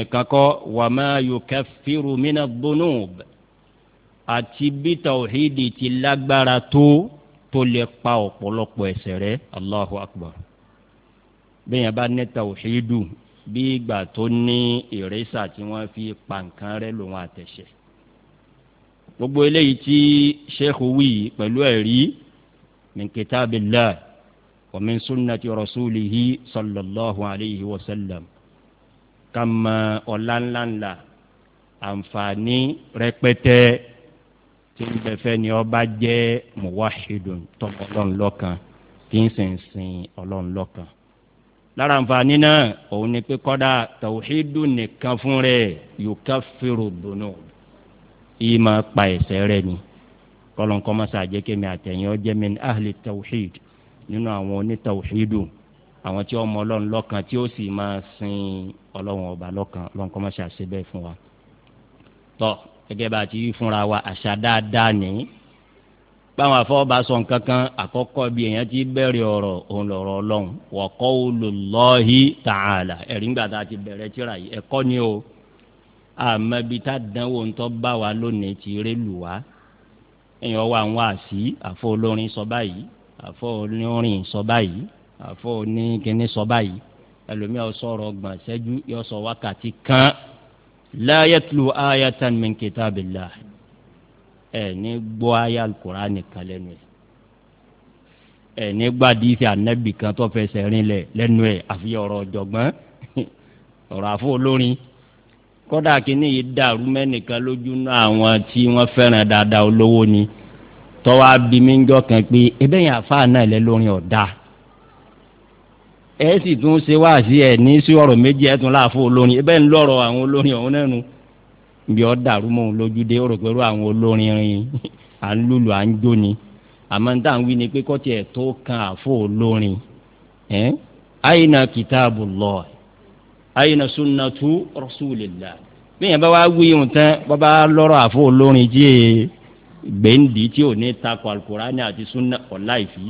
nìkan kọ́ wà máa yukaffiru mina dhunub àti bí tawhidi ti lágbára tó tó lè pa ọ̀pọ̀lọpọ̀ ẹ̀ṣẹ̀ rẹ̀ allahu akbar bẹ́ẹ̀ yẹn bá ní tawhidu bí ìgbà tó ní ìrẹ́sà tí wọ́n fi pa nǹkan rẹ̀ lòun àtẹ̀ṣẹ̀ gbogbo eléyìí tí sheikh wí pẹ̀lú ẹ̀rí min kitabillah wa min sunnati rasulihi sallallahu alayhi wa sallam ká mọ ọ̀la ńláńlá àǹfààní rẹpẹtẹ tí ń bẹ fẹ́ ni ọba jẹ́ muwahidun tọmọ ọlọ́run lọ́kan tí ń sìn sìn ọlọ́run lọ́kan. lára àǹfààní náà òun ni pé kọ́dà tàwùhídùn nìkan fún rẹ̀ yukaffiru dunub yìí máa pa ẹ̀ṣẹ̀ rẹ̀ ni kọ́lọ́n kọ́ mọ́sá àjẹkẹ́mi àtẹ̀yìn ọjẹ́ min ahli tàwùhíd nínú àwọn onítàwùhídùn àwọn tí ọmọ ọlọ́run lọ́kan tí ó sì máa sìn ọlọ́run ọba lọ́kan ọlọ́run kọ́ máa ṣe àṣẹ bẹ́ẹ̀ fún wa. tọ́ gẹ́gẹ́ bá a ti yí fúnra wa àṣà dáadáa nìyí báwọn afọwọ́ba sọ nǹkan kan àkọ́kọ́ bí èèyàn ti bẹ̀rẹ̀ ọ̀rọ̀ òun lọ̀rọ̀ ọlọ́run wa qawlullahi ta'ala ẹ̀rí ńgbà tá a ti bẹ̀rẹ̀ tíra yìí ẹ̀kọ́ ni o àmọ́ ibi tá a dánwò ń tọ́ bá wa lónìí ti ré lù wá èèyàn wà ń wá sí àfọ olórin sọ báyìí àfọ olórin sọ báyìí àfọ oníkíní sọ báyìí ẹlòmíà sọ̀rọ̀ ọgbọ̀n ṣẹ́jú yóò sọ wákàtí kan láyẹ̀tìlú ayatan min kitabillah ẹ̀ ní gbọ́ ayé alukóra nìkan lẹ́nu ẹ̀ ẹ̀ ní gbàdí fi ànábì kan tó fẹsẹ̀ rin lẹ̀ lẹ́nu ẹ̀ àfi ọ̀rọ̀ ọ̀jọ̀gbọ́n ọ̀rọ̀ àfọ olórin kódà kínní yìí dàrú mẹ́nìkan lójú náà àwọn tí wọ́n fẹ́ràn dáadáa olówó ni tọ́wọ́ abimíjọ́ kan pé ebẹ́yìn àfáà náà lẹ́ lórin ọ̀dà ẹ sì tún ṣe wá sí ẹ ní sí ọ̀rọ̀ méjì ẹ tún láàfọ olórin ẹ bẹ́ẹ̀ ń lọ́rọ̀ àwọn olórin ọ̀hún náà nù bí ọ dàrú mọ́ òun lójúdé ó rò pé rú àwọn olórin rin à ń lùlù à ń jó ni àmọ́ níta ń wí ni pé kọ́tì ẹ̀ tó kan àfọ olórin ẹ̀ àyìnà kìtàbù lọ àyìnà sunnatu rasulillah bíyẹn bá wá wí ohun tán bá bá lọ́rọ̀ àfọ olórin tí gbèǹdì tí ò ní takò alukurani àti sunna ọ̀ láìfì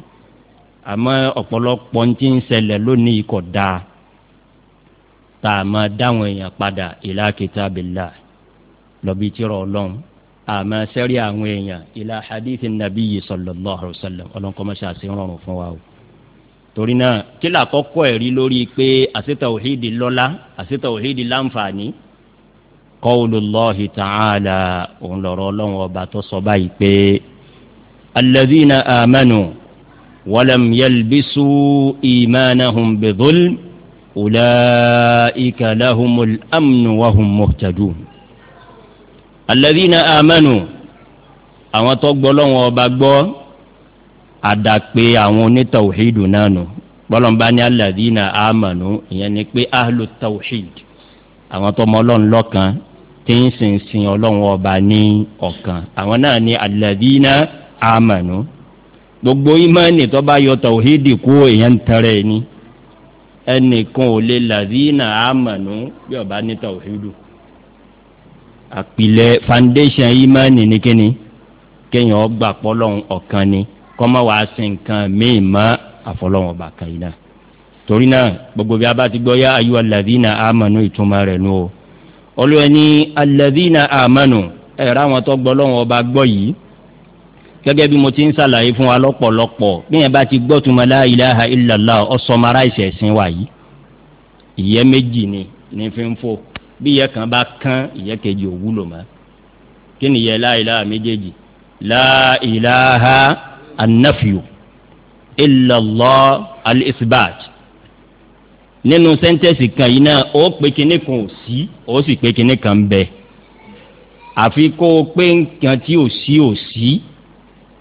àmọ́ ọ̀pọ̀lọpọ̀ ti ń ṣẹlẹ̀ lónìí kò dáa tá a máa dáwọn èèyàn padà ìlà kitabillah lọ́bí tìrọ̀ ọlọ́run àmọ́ sẹ́rí àwọn èèyàn ìlà hadith nabiyyi sallallahu alayhi wa sallam ọlọ́nkọ́mọṣẹ́ àti rọrùn fún wa o torí náà kí làkọ́kọ́ ẹ̀rí lórí pé àṣetà òhídì lọ́lá àṣetà òhídì láǹfààní qawlullahi ta'ala òun lọ̀rọ̀ ọlọ́run ọba tó sọ báyìí pé alladhina amanu. ولم يلبسوا إيمانهم بظلم أولئك لهم الأمن وهم مهتدون الذين آمنوا àwọn tó gbọ́ lọ́wọ́ ọba gbọ́ àdàpé àwọn onítàwùhídù náà nù gbọ́lọ́mbá ní alàdínà àmànú ìyẹn ni pé ahlù tàwùhíd àwọn tó mọ ọlọ́run lọ́kan tí ń sìn sìn ọlọ́run ọba ní ọ̀kan àwọn náà ní alàdínà àmànú gbogbo imani tó bá yọ tàwíìdì kú èèyàn tẹrẹ ni ẹnìkan ò lè làzínà àmànú bí ọba ní tàwíìdù àpilẹ̀ foundation imani ni kíni kéèyàn ọgbà pọ́lọ́hún ọ̀kan ni kọ́mọ́ wàá sin nǹkan míì mọ́ àfọlọ́hún ọba kan yìí náà torí náà gbogbo bí a bá ti gbọ́ yá ayú alàzínà àmànú ìtumọ̀ rẹ̀ nù o olùwẹ̀ ní alàzínà àmànú ẹ̀rọ àwọn tó gbọ́ lọ́hún ọba gbọ́ yìí gẹ́gẹ́ bí mo ti ń ṣàlàyé fún wa lọ́pọ̀lọpọ̀ bí yẹn bá ti gbọ́ tuma la ilaha illallah ọ̀sọ́mara ìṣẹ̀sìn wa yìí ìyẹ́ méjì ni ní fi ń fò bí ìyẹ́ kan bá kán ìyẹ́ kejì ò wúlò mọ́ kí ni ìyẹ́ la ilaha méjèèjì la ilaha annafiyu illallah nínú sẹ́ńtẹ́sì kan yìí náà ó pé kinní kan ò sí ó sì pé kinní kan bẹ àfi kó o pé nǹkan tí ò sí ò sí. Si,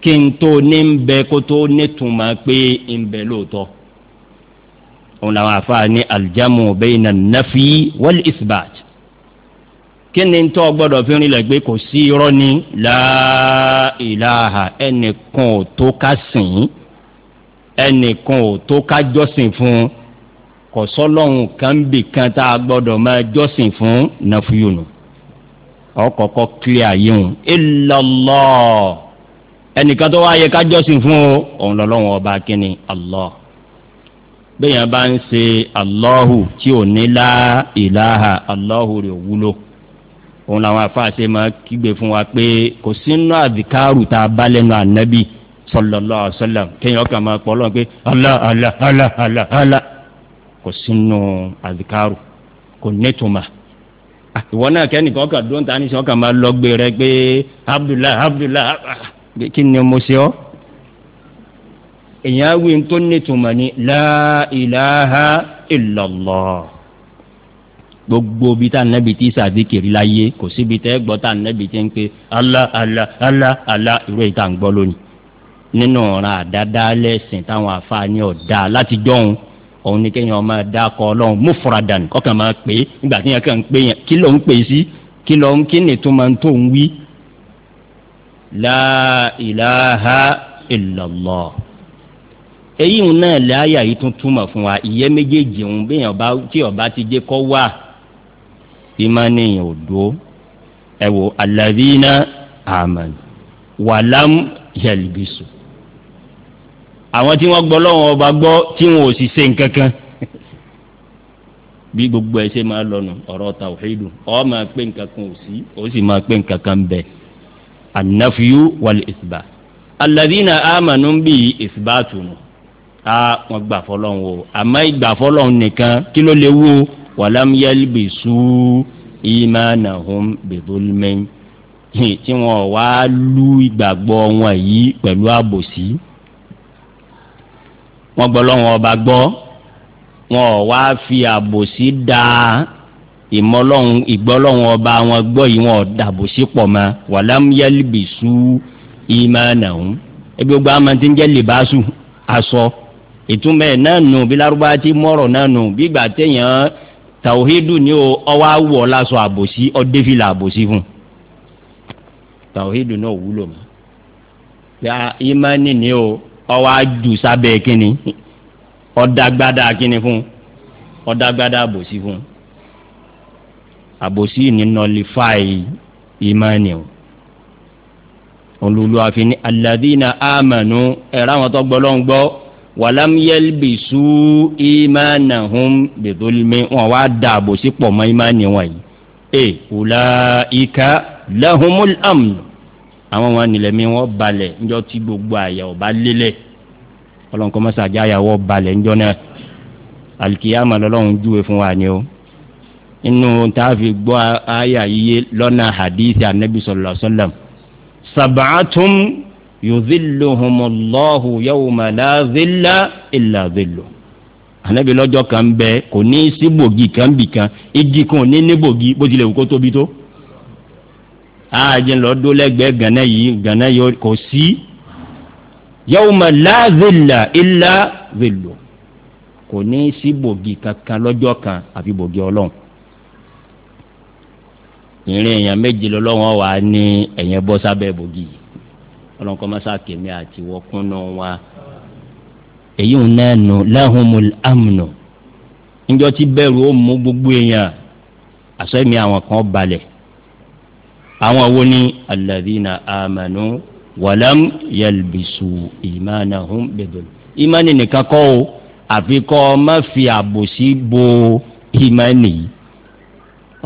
kí n tó ní ń bẹ kó tó nítumọ̀ pé ń bẹ lóòótọ́ òun làwọn àfáà ní aljamu bayna nafi wal isbat kí ni tó gbọ́dọ̀ fi rinlẹ̀ pé kò sí irọ́ ni la ilaha ẹnìkan ò tó ká sìn ẹnìkan ò tó ká jọ́sìn fún un kò sọ́lọ́hún kan bì kan tá a gbọ́dọ̀ máa jọ́sìn fún nàfúyùnù ọkọ̀ọ̀kọ̀ clear yìí hùn illallah ẹnìkan tó wá yẹ ká jọ́sìn fún o òun lọ́lọ́wọ́n ọba kínní allah bẹ́ẹ̀ bá ń ṣe allahu tí ò ní lá ìláha allahu rẹ̀ wúlò òun làwọn afáàṣe máa kígbe fún wa pé kò sínú àdìkárù tá a bá lẹ́nu ànábì sọlọlọ àṣọlá kéèyàn kàn máa pọ̀ lọ́wọ́ pé allah allah allah allah allah kò sínú àdìkárù kò nẹ́tùmá ah, ìwọ náà kẹ́nìkan kàn dóńtà ní sọ́kàn máa lọ́gbé rẹ pé abdullahi abdullahi kí ni mo ṣe ọ́ èyàn wí tó nítumọ̀ ní láìláha ìlọ̀lọ̀ gbogbo bí tá nẹ́bi tí sàdíkìrì láyé kò síbi tẹ́ gbọ́ tá nẹ́bi tí ń pe alá alá alá alá ìró ìta ń gbọ́ lónìí nínú ọ̀ràn àdáda lẹ́sìn táwọn àfààní ọ̀dà láti jọ̀hún òun ni kéèyàn máa dá kọ ọlọ́run mú fura dànù kọ́kàn máa pè é nígbà tí yẹn kàn ń pè yẹn kí ló ń pè sí kí ló ń kí ni tó máa ń tó ń wí láìláha ìlọ̀lọ̀ èyí ń náà láàyà yìí tún túmọ̀ fún wa ìyẹ́ méjèèjì ń bẹ́yàn bá tí ọba ti jẹ́ kọ́ wà ìmánìyàn ò dúró ẹ wò alàbínà àmàn wàlám yẹlbisu àwọn tí wọ́n gbọ́ lọ́wọ́ ọba gbọ́ tí wọn ò sì ṣe nǹkan bí gbogbo ẹ ṣe máa lọnu ọ̀rọ̀ tàwíìdù ọ máa pé nǹkan ò sí ó sì máa pé nǹkan bẹ́ẹ̀ anafiyu wàlẹ̀ ìsìbà alẹ́dínà àmànú bí ìsìbà tùnú a wọn gbà fọlọ́hún o àmọ́ ìgbà fọlọ́hún nìkan kí ló lè wo wàlámúyálì bẹ̀sù ìmánàhùn bẹ̀dọ́lùmẹ́yìn tí wọn wá lu ìgbàgbọ́ wọn yìí pẹ̀lú àbòsí wọn gbọ́ lọ́wọ́ ọba gbọ́ wọn wá fi àbòsí dáa ìmọ̀lọ́hún ìgbọ́lọ́hún ọba wọn gbọ́ yìí wọn dàbò sípò mọ́ wàlámúyálìbìsú ìmánàhún ebi gbogbo àwọn ti ń jẹ́ libasu aṣọ ìtumọ̀ ẹ̀ náà nù bí lárúbá ti mọ̀rọ̀ náà nù bí gbà téèyàn tàwíhídù ni ó ọwọ́ awọ lásọ àbòsí ọdẹ́fìlà àbòsí fún tàwíhídù náà wúlò mọ́ ìmánì ni ó ọwọ́ ajù sábẹ́ kínní ọ̀dàgbádà kínní fún ọ̀dàgbádà àbòsí fún àbòsí ni nolifai ìmánì o olùlù àfin aladina amanu ẹ̀rọ àwọn tó gbọ́lọ́n gbọ́ wàlámiyẹ́lbìsú ìmánahun bìtòlímì wọn wá da àbòsí pọ̀ mọ́ ìmánì wọn yìí e wùlá ika lahumul amnu àwọn wọn nílẹ̀ mi wọ́n balẹ̀ ńjọ́ tí gbogbo àyà ọba lélẹ̀ ọlọ́nkọ́ mọ́sàájà àyà wọ́n balẹ̀ ńjọ́ náà alikiyama lọ́lọ́run júwe fún wa ni o inú tààfi gbọ́ àyà yíyé lọ́nà hadith anabi sallallahu alayhi wa sallam sab'atun yuzilluhumullahu yawma la zilla illa zillu anabi lọ́jọ́ kan bẹ kò ní sí bògì kan bì kan igi kan ní ní bògì bó tilẹ̀ wù kó tóbi tó ààjìn lọ dó lẹ́gbẹ̀ẹ́ gànà yìí gànà yìí kò sí yawma la zilla illa kò ní sí bògì kankan lọ́jọ́ kan àfi bògì ọlọ́run ìrìn èèyàn méje lọ́wọ́ wa ní ẹ̀yẹn bọ́ sábẹ́ bògì ọlọ́nkọ́ mọ́sá kèmí àti wọ́kúnnú wa èyí ń nánu láhùnmùl amnu níjọ́ tí bẹ́ẹ̀rù ó mú gbogbo èèyàn àsọ́yìnmí àwọn kan balẹ̀ àwọn wo ni alladhina amanu wàlám yalbisu imanahum bẹ̀bẹ̀ ìmánì nìkan kọ́ o àfi má fi àbòsí bo ìmánì yìí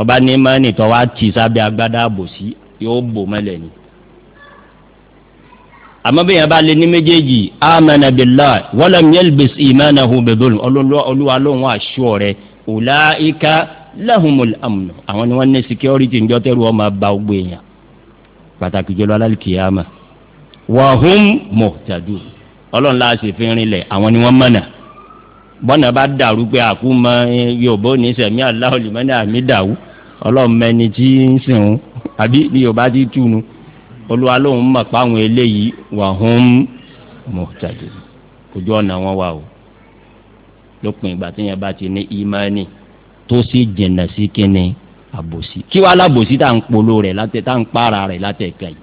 ọba ní mọ́nì tó wá tì sábẹ́ agbádá àbòsí yóò bò mọ́lẹ̀ ni. àmọ́ bí yẹn bá lé ní méjèèjì amana billah walam yalbis imanahu bidhulm olúwa lóhùn àṣọ rẹ ulaika lahumul amn àwọn ni wọ́n ní security ń jọ́tẹ́rù wọn máa ba ogbó èèyàn pàtàkì jọlọ alálìkìyàmà wahum muhtadun ọlọ́run láti fi rinlẹ̀ àwọn ni wọ́n mọ̀nà bọ́nà bá dàrú pé àkú mọ yorùbá ò ní sẹ̀mí aláwọ̀ lèmọ́ ní àmì dàrú ọlọ́mọẹni tí ń sìn ún àbí ní yorùbá ti túnu olúwa lòun mọ̀ páwọn eléyìí wà hún mọ̀tàdé ojú ọ̀nà wọn wà o lópin ìgbà tí yẹn bá ti ní ìmọ̀ẹ́nì tó sì jìnnà sí kínní àbòsí kí wàá lábòsí tá à ń polo rẹ̀ látẹ̀ tá à ń para rẹ̀ látẹ̀ kẹ́yìn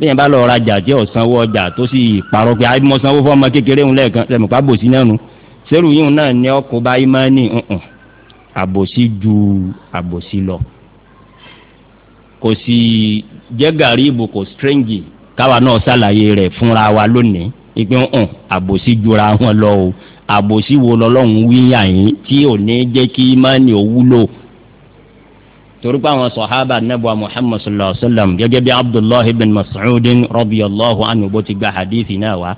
bí yẹn bá lọ rajà jẹ́ ọ̀sánwó ọjà tó sì parọ́ pé àìmọ̀ sanwó fọ́ọ̀mọ kékeré ń lẹ́ẹ̀kan lẹ́mọ̀ pa bòsí náà nu sẹ́rù yìí náà ní ọkọ̀ bá imáni nǹkan àbòsí ju àbòsí lọ. kò sì jẹ́ gàrí ìbò kò stringy káwa náà ṣàlàyé rẹ̀ fúnra wa lónìí ìpín hàn àbòsí jura wọn lọ o àbòsí wo lọ́lọ́run wíyàn yín tí ò ní jẹ́ kí imáni ò wúlò torípa àwọn sọ̀hábà nẹ́bùà muhammad sallallahu alayhi wa sallam gẹ́gẹ́ bí abdullah ibn mas'udin radiyallahu anhu bó ti gba hadithi náà wá.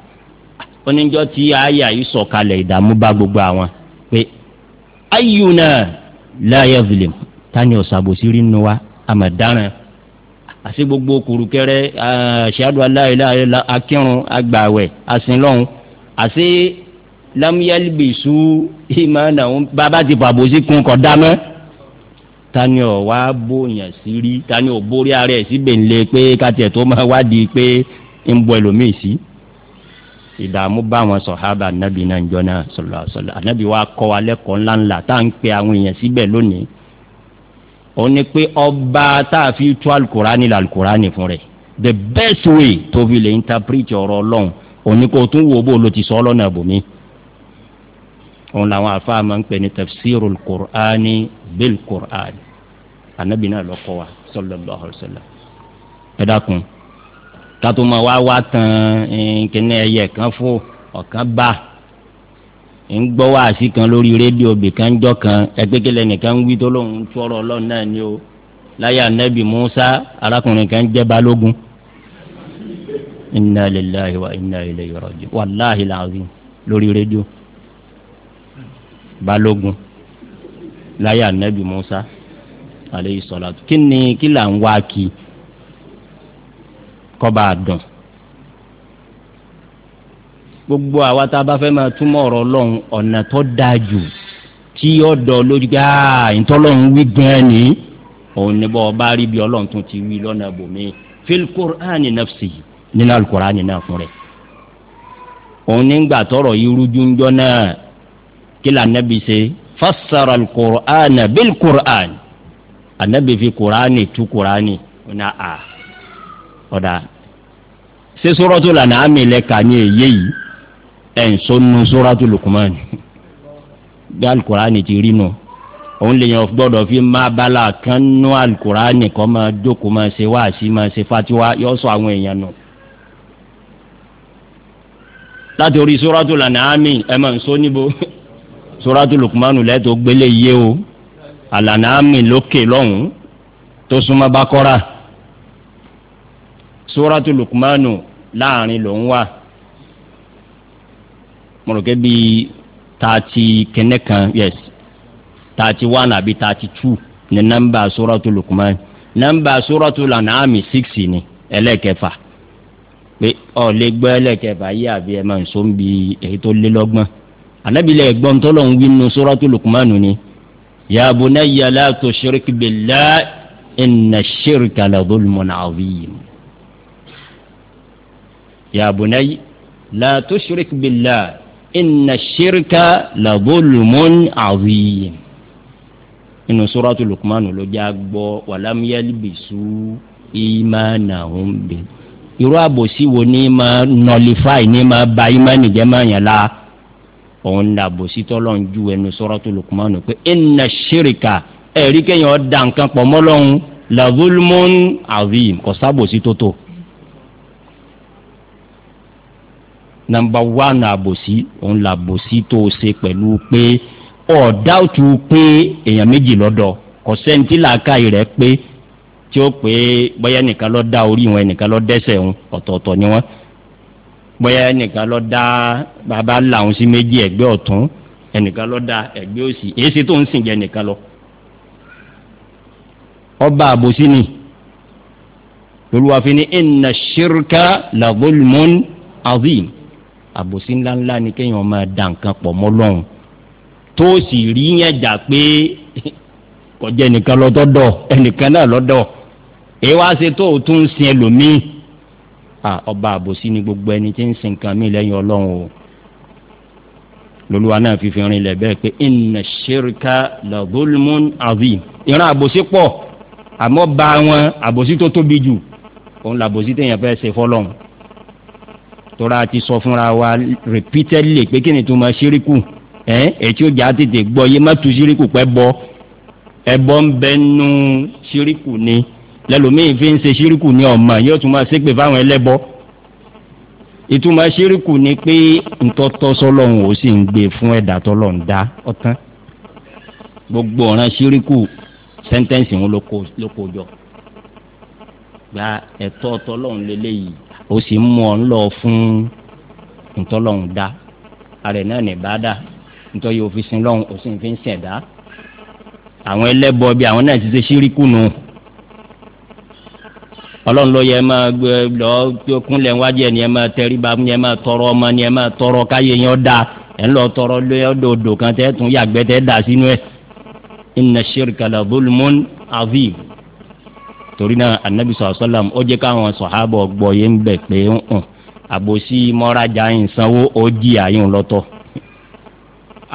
oníjọ́ tí àyà yìí sọ̀kalẹ̀ ìdààmú bá gbogbo àwọn pé ayyuna la yazlim tani ọ̀sàbòsí rí nu wa àmàdáràn àti gbogbo kùrùkẹrẹ ṣáàdù aláìláìlá akírun agbàwẹ̀ asinlọ́hún àti lam yalbisu bàbá ti fàbòsí kún kọ̀ dáná tani ọ̀ wá bóyàn sí rí tani ọ̀ borí ara ẹ̀ síbẹ̀ ńlẹ̀ pé kátiẹ̀ tó máa wádìí pé ń bọ ẹlòmíì sí. ìdààmú bá àwọn sọ̀hábà ànábì náà ń jọ náà sọ̀lọ̀ sọ̀lọ̀ ànábì wa kọ́ wa lẹ́kọ̀ọ́ ńláńlá tá à pe àwọn èèyàn síbẹ̀ lónìí. ó ní pé ọba tá a fi tú alukurani la alukurani fún rẹ̀ the best way tó fi lè interpret ọ̀rọ̀ ọlọ́run òní kò tún wo bó ló ti sọ ọlọ́nà àbòmí òun làwọn àfáà máa ń pè ní tafsirul qur'ani bil qur'ani anabi náà lọ kọ wa sallallahu alaihi wasallam ẹ dákun kátó máa wá wá tán eh, kíní ẹyẹ kan fún ọ̀kan bá ń gbọ́ wá sí kan lórí rédíò bìkan jọ kan ẹgbẹ́gẹ́lẹ́ nìkan wí tó lóun tọrọ ọlọ́run náà ni o láyé anabi musa arákùnrin kan jẹ́ balógun inna lillahi wa inna ilayhi raji'un wàláhi làwọn lórí rédíò balógun láyà nẹ́bí musa aleyhi sọlátù kí ni kí là ń wá kí kọ́ba àdùn gbogbo àwa tá a bá fẹ́ máa túmọ̀ ọ̀rọ̀ ọlọ́run ọ̀nà tó dáa jù tí ọ̀dọ̀ lójú pé ah, ìtọ́lọ́run wí gan-an ni òun ni bọ́ ọ bá rí bí ọlọ́run tún ti wí lọ́nà bòmí fil qur'ani nafsi nínú alukur'ani náà fún rẹ̀ òun nígbà tọrọ yìí rújú ńjọ náà kila anabi ṣe fassara alukur'an bil kur'an anabi fi kur'ani tu kur'ani na a ọ̀dà ṣé sọ́rọ́tò lànà àmì lẹ́ka ní èyí yìí ẹ̀ ń sọnù sọ́rọ́tò lukumani bí alukur'ani ti rí nù òun lè yàn gbọ́dọ̀ fi má bala kan nú alukur'ani kọ́ máa jókòó máa ṣe wáàsí máa ṣe fatiwa yọ sọ àwọn èèyàn nù. láti orí sóràtò lànàámì ẹ máa ń sọ níbo suratu lukumanu lẹ́tọ̀ gbélé yé o àlànà àmì lókè lọ́hùn tó súnmọ́ bá kọ́ra suratu lukumanu láàrin ló ń wà mọ̀rọ̀kẹ́ bíi taati kẹ́nẹ́ kan yes taati one àbí taati two ní nọ́mbà suratu lukumanu nọ́mbà suratu lànà àmì six ni ẹlẹ́kẹfà pé ọ̀ lè gbọ́ ẹlẹ́kẹfà yí àbí ẹ̀ máa ń so ń èyí tó lé lọ́gbọ́n anábìlẹ̀ ẹ̀gbọ́n tó lọ́n wí nù sóràtú lukumanu ni ya bunayya la tushrik billahi inna shirka la dhulmun adhim ya bunayya la tushrik billahi inna shirka la dhulmun adhim inú sóràtú lukumanu ló já gbọ́ walam yalbisu imanahum bi irú àbòsí wo ni ma nọlifáì ni ma ba imanijẹ́ máa yàn la òun làbò sítọ́ lọ́n ju ẹnu sọ́rọ́ tó Lukumanu pé inna ṣèrìkà ẹ̀rí kéèyàn da nǹkan pọ̀ mọ́ lọ́hùn la zulmun azim kò sábò sí tó tó. nàmbà wánà àbòsí òun làbòsí tó ṣe pẹ̀lú pé ọ̀dáùtù pé èèyàn méjì lọ́dọ̀ kò sẹ́ńtì làákàyè rẹ̀ pé tí ó pé bóyá nìkan ló dá orí wọn nìkan ló wọn ọ̀tọ̀ọ̀tọ̀ ni wọ́n bóyá ẹnìkan lọ dá bàbá làwọn sí méjì ẹgbẹ́ ọ̀tún ẹnìkan lọ dá ẹgbẹ́ òsì èyí ṣe tó ń sìn jẹ ẹnìkan lọ ọba àbòsí ni olùwàfin ni ṣírkà làbólùmọ́n azim àbòsí ńláńlá ni kéèyàn máa dà nǹkan pọ̀ mọ́ lọ́hùn tó sì rí yẹn jà pé kọjá ẹnìkan lọ́dọ̀ ẹnìkan náà lọ́dọ̀ èyí wá ṣe tó o tún ń sin ẹlòmíì ọba àbòsí ni gbogbo ẹni tí ń sin nǹkan mi lẹ́yìn ọlọ́run o lolúwa náà fífi rin lẹ̀ bẹ́ẹ̀ pé ìnà ṣèríkà lọ́gọ́lùmọ́n àbí ìran àbòsí pọ̀ àmọ́ bá wọn àbòsí tó tóbi jù òun làbòsí téèyàn fẹ́ ṣe fọlọ́run tọ́ra ti sọ fúnra wa repeatedly pé kí ni tó máa ṣíríkù ẹ̀ ẹ̀ tí ó jà á tètè gbọ́ yé má tu ṣíríkù pẹ́ bọ́ ẹ̀ bọ́ ń bẹ́ẹ̀ nù ṣíríkù ni. Eh? lẹ́lòmíì fi ń ṣe ṣíríkù ní ọ̀mà yóò tún máa ṣépè fáwọn ẹlẹ́bọ ìtumọ̀ ṣíríkù ni pé ntọ́tọ́ sọlọ́run ò sì ń gbé fún ẹ̀dá tọ́lọ́run dá ọ̀tán gbogbo ọ̀ràn ṣíríkù sẹ́ńtẹ́ǹsì wọn ló kó jọ gba ẹ̀tọ́ tọ́lọ́run lélẹ́yìí ó sì ń mú ọ ńlọ fún ntọ́lọ́run dá ààrẹ náà ní bàdà ntọ́ yóò fi sin lọ́run sì ń fi ń ṣẹ̀dá àwọn ẹlẹ́bọ bíi àwọn náà ti ṣe ṣíríkù nù. No ọlọ́run ló yẹ máa gbé lọ kúnlẹ̀ wájú ẹ̀ ní ẹ máa tẹríba ní ẹ máa tọrọ ọmọ ní ẹ máa tọrọ káyé yẹn da ẹ̀ ń lọ tọrọ lé ọdọọdọ kan tẹ́ tún yàgbẹ́ tẹ́ dà sínú ẹ̀ inna shirka la bulmun azim torí náà anabi sọ̀rọ̀ sọ́làm ó jẹ́ káwọn sọ̀hábọ̀ gbọ́ yé ń bẹ̀ pé ń hàn àbòsí mọ́rajà yìí sanwó ó jí àyìn lọ́tọ̀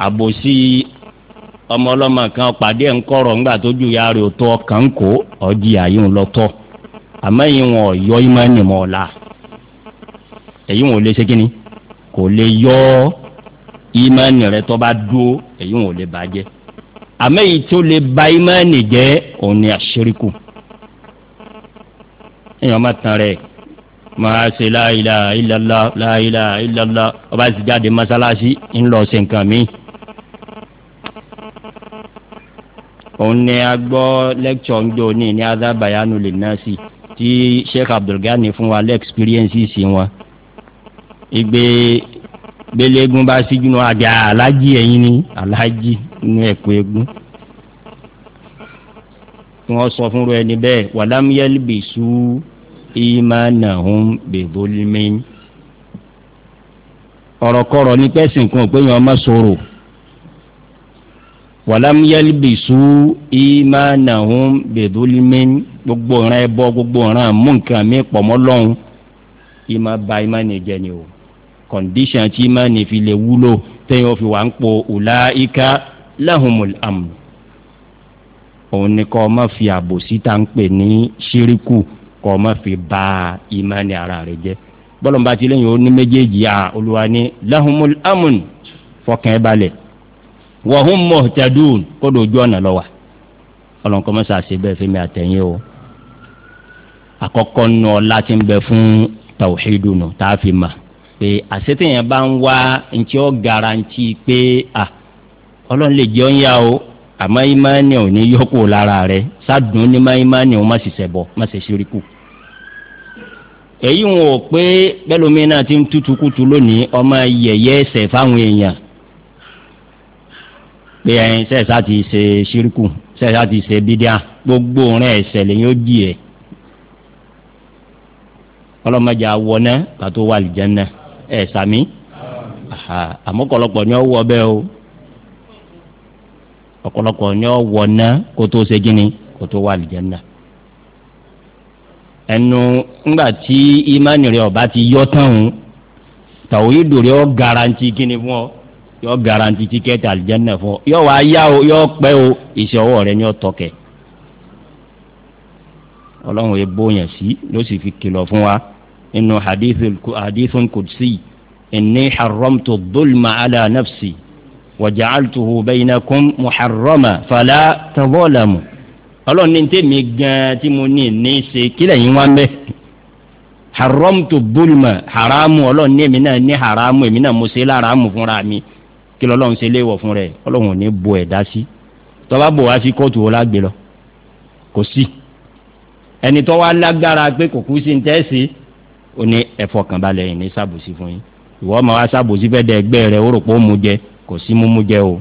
àbòsí ọmọ ọlọ́mọ kan pàdé ẹ̀ ńgbà tó ju ya rè tó ọkàn kó ó jí àyìn lọ́tọ̀ àmọ́ èyí wọn ò yọ ìmánì mọ́ ọ̀la èyí wọn ò lè ṣe kínní kò lè yọ ìmánì rẹ tó bá dúró èyí wọn ò lè bàjẹ́ àmọ́ èyí tó lè ba ìmánì jẹ́ òun ni àṣírìkù èèyàn má tan rẹ̀ máa ṣe la ilaha illallah la ilaha illallah ọba sì jáde mọ́sálásí ńlọ ṣe nǹkan míì. òun ni a gbọ́ lẹ́kṣọ̀ ń jò ní ní adábàyánu lè ná sí i tí sheikh abdulgani fún wa lẹ́ẹ̀xpíríẹ́nsì sí wọn ìgbé gbẹlẹ́gùn bá síjú náà àgbà alájí ẹ̀yìn ni alájí inú ẹ̀kọ́ egun tí wọ́n sọ fún ẹni bẹ́ẹ̀ wàlámúyẹ́lì bẹ̀sù ìmánàhún bẹ̀bọ́límẹ́yìn ọ̀rọ̀kọ̀rọ̀ ní pẹ́sìn pé yẹn ọmọ sọ̀rọ̀ wàlám yálbìsú ìmánàhún bèdúlímìn gbogbo ọ̀ràn ẹbọ gbogbo ọ̀ràn mú nǹkan mi pọ̀ mọ́ lọ́hùn ìmá ba ìmánì jẹ ni o kọ̀ǹdíṣàn tí ìmánì fi lè wúlò tẹ́yìn òfin wà ń po ọ̀la ìka láhùnmùl àmù òun ni kọ́ ọmọ fi ààbò síta ń pè ní ṣíríkù kọ́ ọmọ fi ba ìmánì ara rẹ jẹ́ bọ́lọ̀ ń bá ti lẹ́yìn ó ní méjèèjì à olùwà ni láhùnmùl àmù fọkàn ẹ balẹ̀ wa hum muhtadun kódò ojú ọ̀nà lọ́wà ọlọ́nkọ́ mọ́sá ṣe bẹ́ẹ̀ fi mi àtẹ̀yìn o àkọ́kọ́ nù ọ láti ń bẹ fún tàwíìdù nù tá a fi mà pé àṣetẹ̀yìn bá ń wá ntí ó garanti pé à ọlọ́run lè jẹ́ ọ́nyá o àmọ́ ìmánì ò ní yọkù lára rẹ sádùn ní má ìmánì ò má sì ṣẹbọ má sì ṣíríkù èyí wọn ò pé bẹ́lómi náà ti ń tutù kùtù lónìí ọmọ yẹ̀yẹ́ ẹsẹ̀ fáwọn èèyàn pé ẹyin sẹ́ẹ̀sá ti ṣe ṣírkù sẹ́ẹ̀sá ti ṣe bídíà gbogbo rẹ̀ ẹ̀sẹ̀ lẹ́yìn ó jì ẹ̀ ọlọ́mọdé awọ́nà kàtó wà lìjẹ́nà ẹ̀ sàmí àmọ́kọ̀lọpọ̀ ni ó wọ bẹ́ẹ̀ o ọ̀pọ̀lọpọ̀ ni ó wọ ná kó tó ṣe gíní kó tó wà lìjẹ́nà ẹnu ńgbà tí ìmánìrẹ̀ ọba ti yọ tán o tàwọn ìdòrè ọ garanti gíní fún ọ yọ garanti tíkẹ́ẹ̀tì àlìjẹ́nà fún ọ yọ wá yá o yọ pẹ́ o iṣẹ́ ọwọ́ rẹ ni ọ tọkẹ̀ ọlọ́run ebó yẹn sí ló sì fi kìlọ̀ fún wa inú hadithun kùdsí inni haramtu dulma ala nafsi wàjàcàltuhu bẹ́yìnàkún muharrama fàlà tabọ́làmù ọlọ́run ní tèmi gan tí mo ní ní ṣe kílẹ̀ yín wá mẹ́ haramtu dulma haramu ọlọ́run ní èmi náà ní haramu èmi náà mo ṣe láramu fúnra mi kí lọ́lọ́run ṣe léèwọ̀ fún rẹ̀ ọlọ́run ò ní bo ẹ̀dá sí tọ́ba bò wá sí kóòtù wo lágbè lọ kò sí ẹni tó wá lágbára pé kò kú sí ní tẹ́sí ó ní ẹ̀fọ́ kan balẹ̀ yìí ní sàbòsí fún yín ìwọ ọmọ wa sàbòsí fẹ́ dẹ ẹgbẹ́ rẹ̀ ó rò pé ó mú jẹ kò sí múmú jẹ o.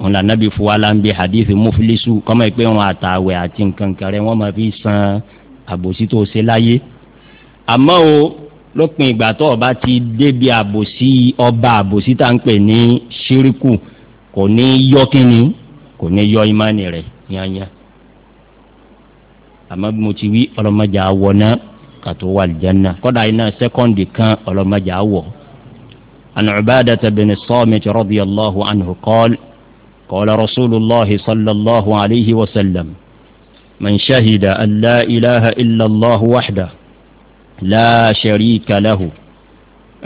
wọn là nábì fún wa láǹbí hadithi mufilisu kọ́mọ̀ pé wọn àtàwẹ̀ àti nǹkan kan rẹ̀ wọ́n máa fi san àbòsí tó ṣe láyé àmọ́ o lópin ìgbà tó ọba ti débi àbòsí ọba àbòsí tá ń pè ní ṣíríkù kò ní yọ kínní kò ní yọ ìmánì rẹ̀ yányá àmọ́ bí mo ti wí ọlọ́mọdé àwọ̀ náà kàtó wà lìjánná kọ́dà iná sẹ́kọ́ndì kan ọlọ́mọdé àwọ̀. عن عبادة بن الصامت رضي الله عنه قال قال رسول الله صلى الله عليه وسلم من شهد أن لا إله إلا الله وحده láṣẹ̀rí kàlẹ́hù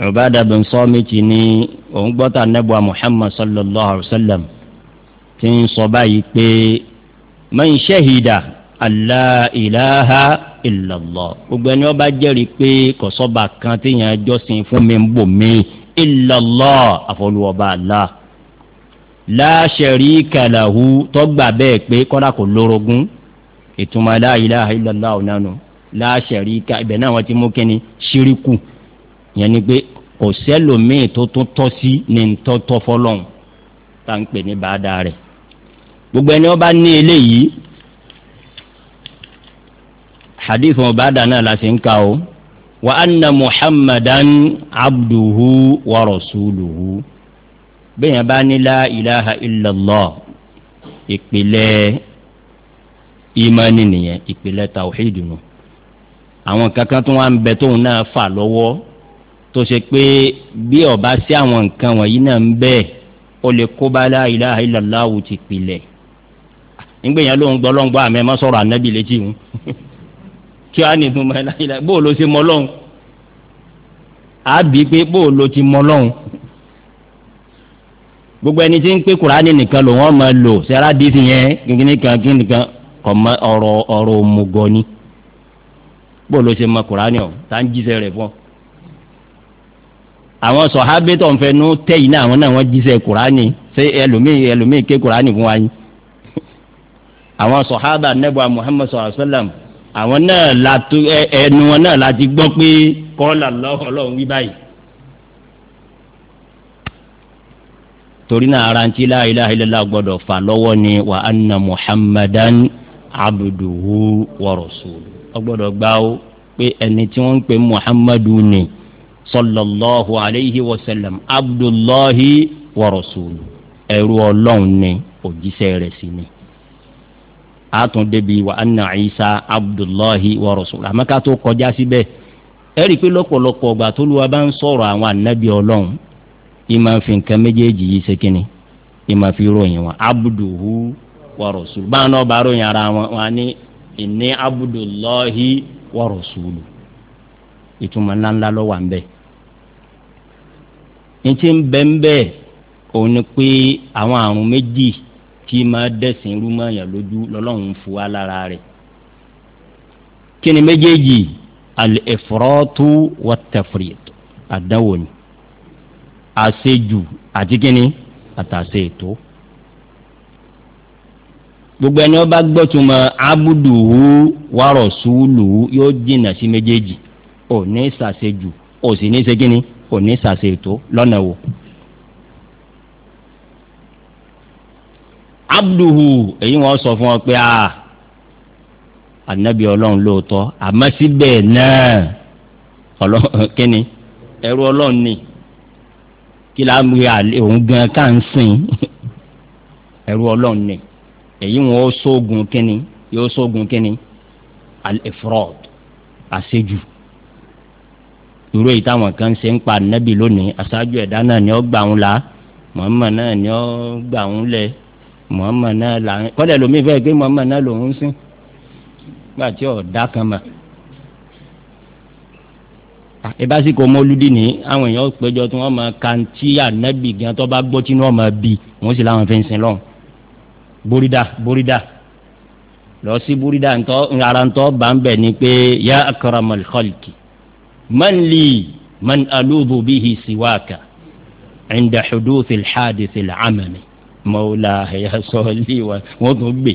ọ̀bádà bin sọ́mìtì ni òun gbọ́ta nẹ́bùa muhammad sallallahu alayhi wa sallam ti ń sọ báyìí pé man ṣẹ́hìdà aláìláha ìlàlọ́ gbogbo ẹni ọba jẹ́rìí pé kọ̀sọ́ba kan téèyàn jọ́sìn fún mi ń bò mí ìlàlọ́ àfọlùwọ̀ba àlá láṣẹ̀rí kàlẹ́hù tọ́gbà bẹ́ẹ̀ pé kọ́dà kò lórogún ìtumọ̀ aláìláha ìlàlọ́ ọ̀nà nù la sharika ibẹ̀ náà wọ́n ti mú kínní ṣíríkù yẹn ni pé kò sẹ́lòmíì tó tún tọ́ sí ní tọ́ tọ́ fọlọ́hún tá à ń pè ní bàdà rẹ̀ gbogbo ẹni ọba ní eléyìí hadith wọn bàdà náà la sì ń ka o wa anna muhammadan abduhu wa rasuluhu bẹ́ẹ̀ bá ní la ilaha illallah ìpìlẹ̀ ìmánì nìyẹn ìpìlẹ̀ tawhidu nù. No àwọn kankan tó wà ń bẹ tóun náà fà lọ́wọ́ tó ṣe pé bí ọba sí àwọn nǹkan wọ̀nyí náà ń bẹ ó lè kó bá la ilaha illallah ti pilẹ̀ nígbà yẹn ló ń gbọ́ lọ́ngbọ́ àmì ẹ̀ má sọ̀rọ̀ ànábì létí wọn kí á nìtú mọ́ la ilaha bó o lo ṣe mọ́ lọ́hùn á bí pé bó o lo ti mọ́ gbogbo ẹni tí ń pé kuraani nìkan ló wọ́n lò sẹ́ra díìsì yẹn kíkíní kan kíkíní ọ̀rọ̀ ọ̀rọ̀ òmùgọ̀ ni bó ló ṣe mọ kùránì ọ̀ tá ń jíṣẹ́ rẹ̀ fún. àwọn sọ̀hábẹ́ tó ń fẹ́ nu tẹ́yìn náà àwọn náà wọ́n jíṣẹ́ kùránì ṣé ẹlòmíì ẹlòmíì ké kùránì fún wa yín. àwọn sọ̀hábà nẹ́bà Muhammad sọ̀rọ̀ sọ́làm àwọn náà la tó ẹnu wọn náà la gbọ́ pé kọ́lá lọ́hùn wí báyìí. torí náà arántí la ilaha illallah gbọ́dọ̀ fà lọ́wọ́ ni wa anna Muhammadan abduhu wa rasuluhu ọgbọ́dọ̀ gbà ó pé ẹni tí wọ́n ń pè muhammadu ni sallallahu alayhi wa sallam abdullahi wa rasulu ẹrú ọlọ́run ni òjíṣẹ́ rẹ̀ sí ni àtún débi wa anna isa abdullahi wa rasul àmọ́ ká tó kọjá síbẹ̀ ẹ rí i pé lọ́pọ̀lọpọ̀ ọgbà tó lu wa bá ń sọ̀rọ̀ àwọn ànábì ọlọ́run ìmọ̀ nǹkan méjèèjì yìí ṣe kínni ìmọ̀ ròyìn wọn abduhu wa rasul báwọn náà bá ròyìn ara wọn wọn ní ìní abudulayi wa rasulu ìtumọ̀ ńláńlá ló wà ń bẹ̀. ní ti ń bẹ́ ń bẹ́ òun ni pé àwọn àrùn méjì tí máa dẹ̀sìn rúmọ̀ọ́yàn lójú lọ́lọ́run fún wa lára rẹ̀. kí méjèèjì al-ifratu wat-tafrit ni àṣejù àti kíni àtàṣe ètò gbogbo ẹni ọba gbọ́tùmọ̀ abuduhu warasuluhu yóò jìnnà sí méjèèjì ò ní sàṣejù ò sì ní segin ni ò lọ́nà wo. abduhu èyí wọn sọ fún ọ pé a anabi ọlọ́run lóòótọ́ àmọ́ síbẹ̀ náà ọlọ́run kíni ẹrú ọlọ́run ni kí láàmú yà òun gan ká sìn ẹrú ọlọ́run ni èyí wọn ó sóògùn kínní yóò sóògùn kínní al-ifrad àṣejù irú èyí táwọn kan ṣe ń pa nẹ́bì lónìí aṣáájú ẹ̀dá náà ni ó gbà ń la Muhammad náà ni ó gbà ń lẹ̀ Muhammad náà là ń kọ́lẹ̀ lómi fẹ́ pé Muhammad náà lòún ń sìn gbà tí ọ̀dá kan mà ìbásíkò mọ́lúdì ní àwọn èèyàn péjọ tí wọ́n máa ka ti ànábì gan tó bá gbọ́ tí wọ́n máa bì wọ́n sì láwọn fi ń sin lọ́hùn búrídà búrídà lọ sí búrídà ntọ́ ara ntọ́ bá ń bẹ̀ ni pé ya akramal khalqi man li man aludhu bihi siwaka inda huduthi alhadithi al'amami mọ́wúlá ẹ̀yà sọ́ọ́lì wọ́n tún gbé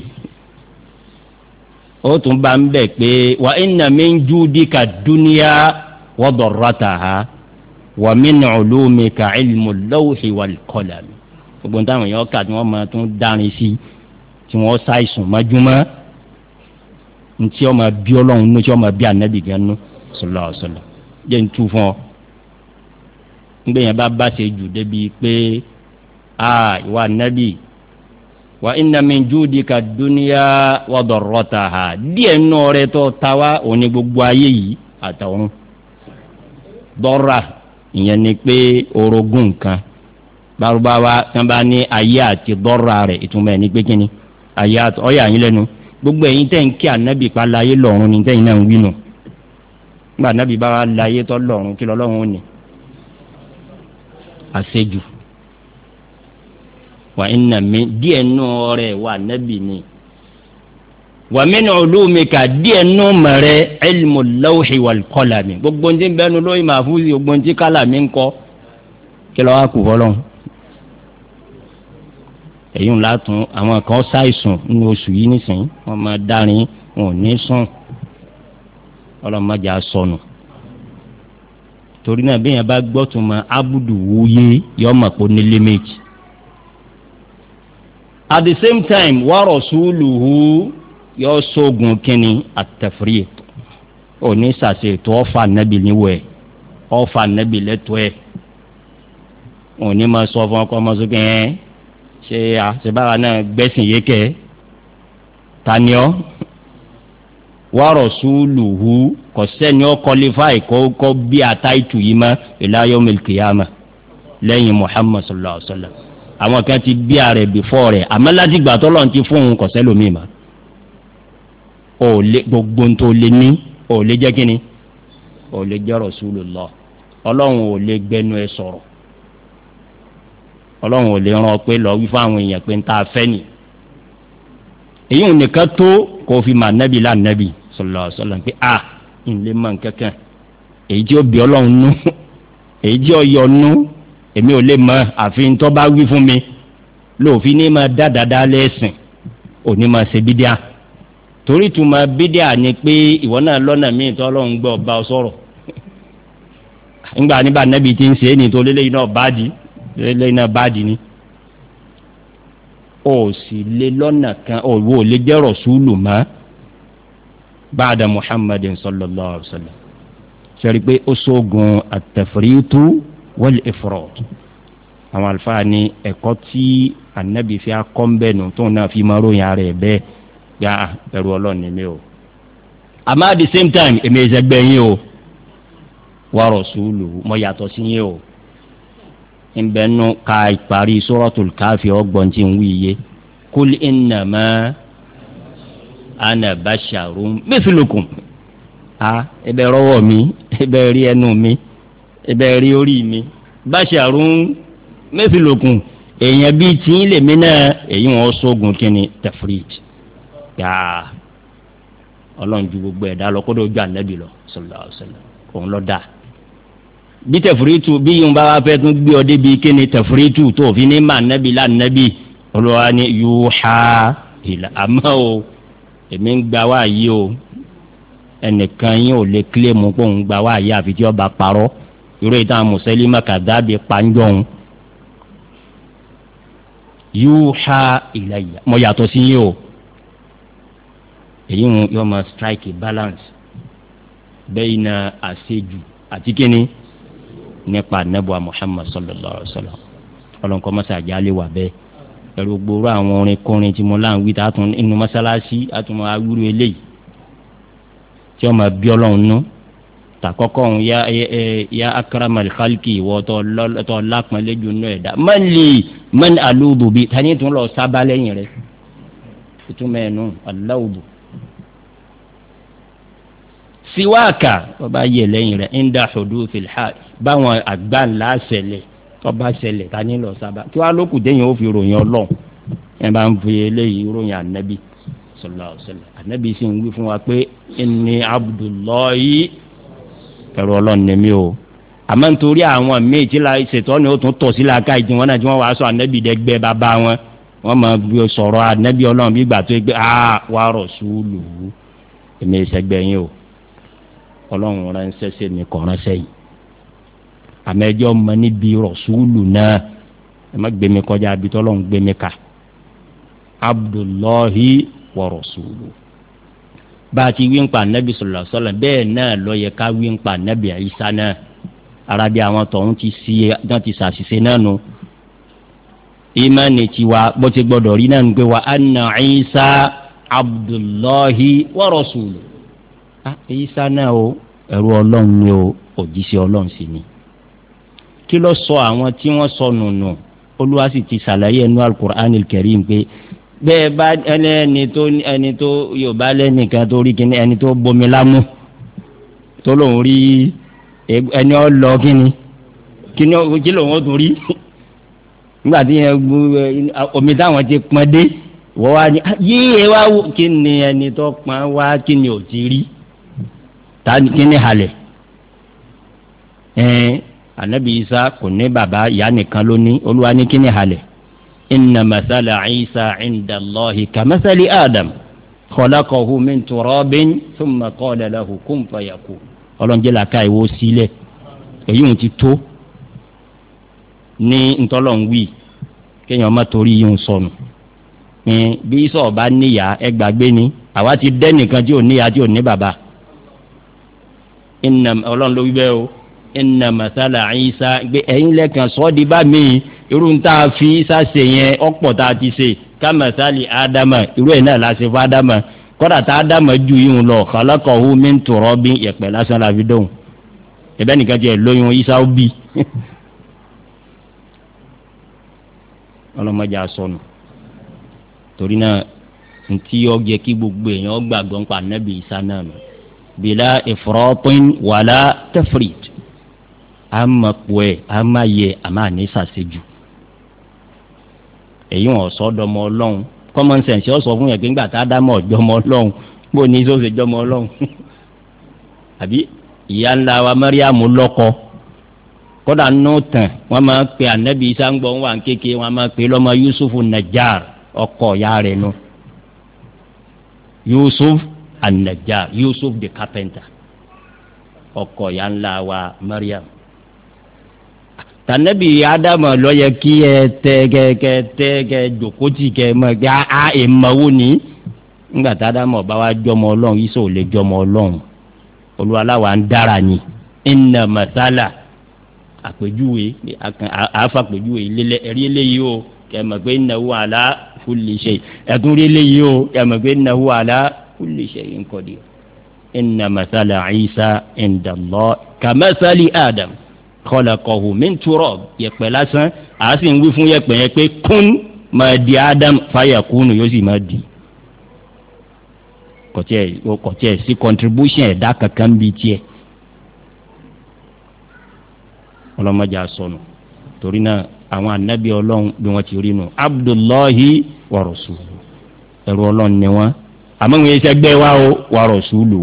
ó tún bá ń bẹ̀ pé wà inna min judika dunya wa darrataha wa min ulumika ilmu lawhi wal qalam gbogbo táwọn èèyàn kà tí tún dárin sí tí wọ́n ṣàìsùn mọ́júmọ́ ntí ọmọ bí ọlọ́run nú tí ọmọ bí ànábì gan nú sọlọ sọlọ jẹ́ ń tú fún ọ. ńgbé yẹn bá bá ṣe jù débi pé a ìwà ànábì wà ìnàmì júùdì ka dúníyà wọ́dọ̀ rọ́ta ha díẹ̀ nù ọ̀rẹ́ tó ta wá òní gbogbo ayé yìí àtàwọn dọ́ra ìyẹn ni pé orogún nǹkan bárúbáwá tí bá ní ayé àti dọ́ra rẹ̀ ìtumọ̀ ẹ̀ ní pé kíni àyà ọ̀yà yín lẹ́nu gbogbo ẹ̀yin tẹ̀ ń kí ànábì pa láyé lọ́run ní tẹ̀yin náà ń wí nù nígbà ànábì bá wa láyé tọ́ lọ́run kí lọ́lọ́run ò ní àṣejù wà iná mi díẹ̀ nù ọrẹ wà ànábì ni wà mí ní olómi ká díẹ̀ nù mẹ̀rẹ̀ ẹ̀lmù lọ́wọ́hì wà kọ́là mi gbogbo ní bẹ́ẹ̀ nu lóyún màfúzi gbogbo ní kálà mi ń kọ́ kí lọ́wọ́ kù fọlọ́run èyí látún àwọn kan ṣàìsùn ní oṣù yìí nísìnyí wọn máa dárin wọn ò ní sùn ọlọmọdé asọnù torí náà bí yẹn bá gbọ́ tó mọ abudu wúyé yọ ọmọ pọ̀ ní limit at the same time wàrọ̀ sùúlùú yọ sógun kínní àtẹ̀fúrí òní sàṣẹ ètò ọ̀fà nàbì níwọ̀ ẹ̀ ọ̀fà nàbì lẹ́tọ̀ ẹ̀ òní máa sọ fún ọkọ ọmọ sókè yẹn ṣe àṣebára náà gbẹ́sìn yékè taniọ́ wọ́rọ̀ sùúlùhù kò sẹ́ni ó kọlifáì kó bí àtàìtù yìí mọ́ ìláyọ̀ mílkìyàmà lẹ́yìn muhammad sallallahu alayhi wa sallam àwọn kan ti bí ààrẹ bìfọ́ rẹ̀ àmọ́ láti gbà tọ́lọ̀ ti fún un kò sẹ́lómi mọ́ ò lè gbogbo tó lè ní ò lè jẹ́ kínni ò lè jẹ́ rọ̀ sùúlù ọlọ́run ò lè gbẹnu ẹ sọ̀rọ̀ ọlọ́run ò lè ràn ọ pé lọ wí fáwọn èèyàn pé ń ta afẹ́ nì èyí ò nìkan tó kó fi mà nẹ́bi lá nẹ́bi sọlọ sọlọ pé a ìlé mọ̀ nkankan èyí tí ó bí ọlọ́run nú èyí tí ó yọ nú èmi ò lè mọ àfihàn tó bá wí fún mi lóòfin ní máa dá dáadáa lẹ́sìn òní máa ṣe bídíà torí tuma bídíà ni pé ìwọ náà lọ́nà míì tó ọlọ́run gbọ́ ọba sọ̀rọ̀ ńgbà níbà nẹ́bi ti ń ṣe é ní tó náà bá di lẹ́yìn náà báàdì ni o sì lé lọ́nà kan o wo lè jẹ́ rọ̀ṣúlù mọ́ báàdà muhammadin sallallahu alayhi wa sallam sọ̀rọ̀ pé ó sógun àtẹ̀fẹ̀rẹ̀tù wọ́n ìfọ̀rọ̀tù àwọn àlùfáà ní ẹ̀kọ́ tí anabi fi akọ́ńbẹ́ nù tóun náà fi máa ròyìn ara ẹ̀ bẹ́ẹ̀ gbà ẹ̀rù ọlọ́ọ̀ni mi o àmọ́ at the same time èmi ẹ̀sẹ̀ gbẹ̀yìn o wà rọ̀ṣúlù mọ́ yàtọ̀ sí yín o nbẹnu ka ìparí suratul káfí ọgbọ̀n tí ń wí yé kul innama ana basharun mithlukum a ẹbẹ rọwọ mi ẹbẹ rí ẹnu mi ẹbẹ rí orí mi basharun mithlukum èèyàn bíi tìǹ lèmi náà èyí wọn sógun kíni tafrid yàà ọlọ́run ju gbogbo ẹ̀dá lọ kó dé ojú ànábì lọ sallallahu alaihi òun lọ dáa bí tẹ̀fúrítù bí yìí wa wá fẹ́ tún gbé ọ débi kí ni tẹ̀fúrítù tó fi ní mà nẹ́bi là nẹ́bi olùwà ni yóò ha ìlà àmọ́ o èmi ń gba wá yìí o ẹnìkan yín ò lè kílèmù pé òun gba wá yìí àfi tí ọba parọ́ irú ìtàn mùsẹ́lí mẹ́kàdáàbí panjọ́ òun yóò ha ìlà yìí mo yàtọ̀ sí yìí o èyí ń yọ ma strike balance bẹ́ẹ̀ ni àṣejù àti kíni nípa anabuwa muhammad sallallahu alaihi wa sallam ọlọ́nkọ́ mọ́sá àjálè wà bẹ́ẹ̀ pẹ̀lú gbòòrò àwọn orin kọrin tí mo láǹwí tá a tún inú mọ́sálásí a tún máa wúru eléyìí tí wọ́n máa bí ọlọ́run nú tàkọ́kọ́ òun ya ya akarama alifaliki ìwọ tó lápọ̀nlẹ́jọ nú ẹ̀dá mẹ́lì mẹ́lì alóòdùbí tani tún lọ sábà lẹ́yìn rẹ̀ ìtumọ̀ ẹ̀ nù aláwùdù siwaka ọba yẹ lẹ́yìn rẹ̀ ń dà ṣòdú fìlhàd báwọn àgbà ńlá ṣẹlẹ̀ tọ́ba ṣẹlẹ̀ ta ní lọ sábà kí wàá lókù déyìn ó fi ròyìn ọlọ́run ẹ bá ń fi eléyìí ròyìn ànábì sọlá ọsẹlẹ ànábì sì ń wí fún wa pé ẹni abdullahi ẹrù ọlọ́run ni mí o àmọ́ nítorí àwọn míì tí ṣètọ́ ni ó tún tọ̀ sí làákà ìdí wọn náà tí wọ́n wàá sọ ànábì dẹ́gbẹ́ bàbá wọn wọ́n máa bí o sọ̀rọ̀ ànábì bí gbà tó gbé a wà rọ̀ sùúlù èmi ìṣẹ́gbẹ́ yín o ọlọ́run ránṣẹ́ sí mi kọ̀ ránṣẹ́ yìí àmẹ́jọ́ mọ níbi rọ̀ṣúlù náà ẹ má gbẹmí kọjá àbí ń gbẹmí ká abdullahi wa rọ̀ṣúlù bá a ti wí ń pa anabi sọlọ sọlọ bẹ́ẹ̀ náà lọ yẹ ká wí ń pa anabi àyíṣà náà ara bí àwọn tọ̀hún ti sí ẹ náà ti ṣàṣìṣe náà nù ìmánì tiwa bó ti gbọdọ̀ rí náà ń gbé wa anna àyíṣà abdullahi wa rọ̀ṣúlù àyíṣà ah, náà o ẹ̀rú ọlọ́run ni o òjíṣẹ́ ọlọ́run sì ni kí ló sọ àwọn tí wọ́n sọ nùnù olúwa sì ti ṣàlàyé ẹnu alukur'an kẹrin pé bẹ́ẹ̀ bá ẹni tó ẹni tó yorùbá lẹ́nìkan tó rí kíní ẹni tó bomi lámú tó lòun rí ẹni ọ lọ kíni kíni kí lòun ó tún rí nígbà tí omi táwọn ti pọn dé wọ́n wá ní yíyẹ wá kí ni ẹni tó pọn wá kí ò ti rí kí halẹ̀ anabi isa kò ní baba ìyá nìkan ló ní olúwa ní kíni halẹ̀ inna masala isa inda allahi ka masali adam kọlákọ̀hu min turabin thumma qala lahu kun fayakun ọlọ́njẹ́ làkà ìwọ sílẹ̀ èyí wọn ti tó ní ntọ́lọ̀ ń wí kéèyàn má torí yìí ń sọnù ní bí sọ̀ọ́ bá níyà ẹ ni àwa ti dẹ́nìkan tí ò níyà tí ò ní bàbá ọlọ́run ló wí bẹ́ẹ̀ o ẹnna masala ayisa gbé ẹyin lẹ́kàn sọ́ọ́ di bá mi irú ń tà fi isa ṣe yẹn ọ̀pọ̀ tá a ti ṣe ká masali adama irú ẹ̀ náà la ṣe fún adama kọ́dà tá adama ju yìí lọ khalaqahu min turabin yẹ̀pẹ̀ lásán la fi dóhùn ẹ̀bẹ́ nìkan jẹ́ lóyún isa bí ọlọ́mọdé asọ́nù torí náà ntí yọ kí gbogbo èèyàn gbàgbọ́ nípa nẹ́bí isa náà bila ifratin wala tafrit a mọ̀ pọ̀ ẹ̀ a má yẹ a má ní sàṣejù èyí wọn sọ dọmọ ọlọ́run common sense yọ sọ fún yẹn pé tá a dá mọ̀ ọjọ́ ọmọ bó ní sọ́sẹ̀ jọ́ ọmọ ọlọ́run àbí ìyá ńlá wa mẹ́ríàmù lọ́kọ kódà nù tàn wọ́n máa pe ànábì sangbọ wà kéke wọ́n máa pe lọ́mọ yusufu najar ọkọ ya rẹ̀ nù yusuf anajar yusuf the carpenter ọkọ ya ńlá wa mẹ́ríàmù tànẹ́bì ádámà lọ́yẹ kí ẹ tẹ́ kẹ kẹ tẹ́ kẹ jòkó tì kẹ mọ̀ kí á èèmọ̀wó ni ńgbà tá ádámà ọba wa jọmọ ọlọ́run yìí sòlè jọmọ ọlọ́run olúwaláwa ń dára ni ìnà màsálà àpèjúwe àfàpèjúwe ìlélẹ ẹrí eléyìí o kẹmọ pé ìnáwó àlá fúlì ṣe ẹtún rí eléyìí o kẹmọ pé ìnáwó àlá fúlì ṣe ńkọdí ìnà màsálà ìsà ìndàlọ kàmẹsàlì ádámù kọlẹ̀kọ̀hù mẹ́nturọ̀ yẹ̀pẹ̀ lásán àá sì ń wí fún yẹ̀pẹ̀ yẹn pé kún máa di adam fáyà kúnnù yóò sì máa di kọ̀tíẹ̀ sí contribution ẹ̀dá kankan bíi tiẹ̀ ọlọ́mọdé asọ̀nù torí náà àwọn anabi ọlọ́run bí wọ́n ti rí nu abdullahi warosulu ẹ̀rù ọlọ́run ni wọ́n àmọ́ wọn ẹsẹ̀ wa o warosulu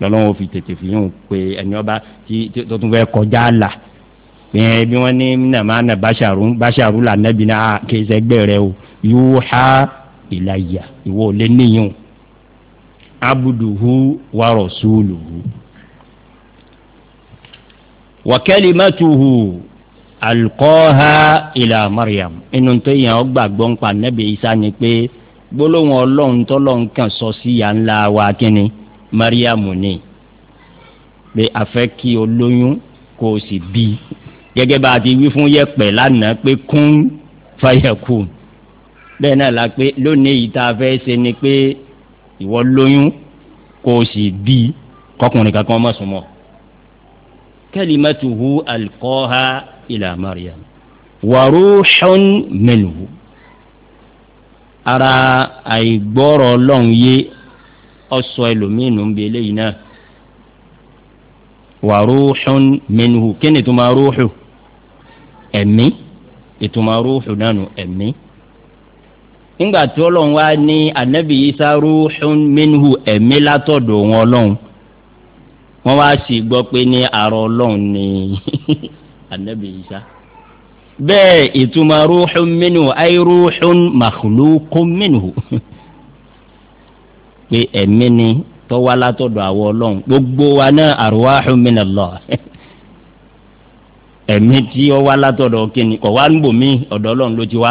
lọ́lọ́run fi tètè fi hàn pé ẹni ọba tó tún fẹ́ kọjá là ìyẹn bí wọ́n ní nàmá nà báṣàrú báṣàrú là nàbí náà kéésẹ̀ gbẹ̀rẹ̀ o yóò há ìlàyà ìwọ lé níyàn abuduhu wàrọ̀ sùlùhù wàkẹ́lìmẹ́tuhù alukọ́ha ìlà mariam inú tó yẹn ọ gbàgbọ́ ń pa nẹ́bí isa ni pé gbólóhùn ọlọ́run tọ́lọ́run kan sọ sí ya ńlá wa kínní mariam ni pé a fẹ́ kí olóyún kó o sì bí gẹ́gẹ́ bá a ti wí fún yẹ̀pẹ̀ lánàá pé kún fàyẹ̀kù bẹ́ẹ̀ náà la pé lónìí yìí tá a fẹ́ ṣe ni pé ìwọ lóyún kó sì bí kọkùnrin kankan mọ̀ súnmọ́ kalimatuhu alqaha ila Maryam wa ruhun minhu ara àìgbọ́rọ̀ ọlọ́run yé ọsọ ẹlòmíì nù ń bi eléyìí náà wa ruhun minhu kí ni tó máa rúùhùn ẹ̀mí ìtumọ̀ rúùhù náà nù ẹ̀mí. nígbà tí ọlọ́run wá ní anabi isa rúùhùn minhu ẹ̀mí látọ̀dọ̀ wọn ọlọ́run wọ́n wá sì gbọ́ pé ní àrò ọlọ́run ní anabi isa. bẹ́ẹ̀ ìtumọ̀ rúùhùn minhu ayé rúùhùn màkùlùkùn minhu pé ẹ̀mí ni tọ́wá látọ̀dọ̀ àwọn ọlọ́run gbogbo wa náà àrùwáhùn minallah. ẹ̀mí tí ó wá látọ̀dọ̀ kínní kọ̀ wá ń bò mí ọ̀dọ̀ ọlọ́run ló ti wá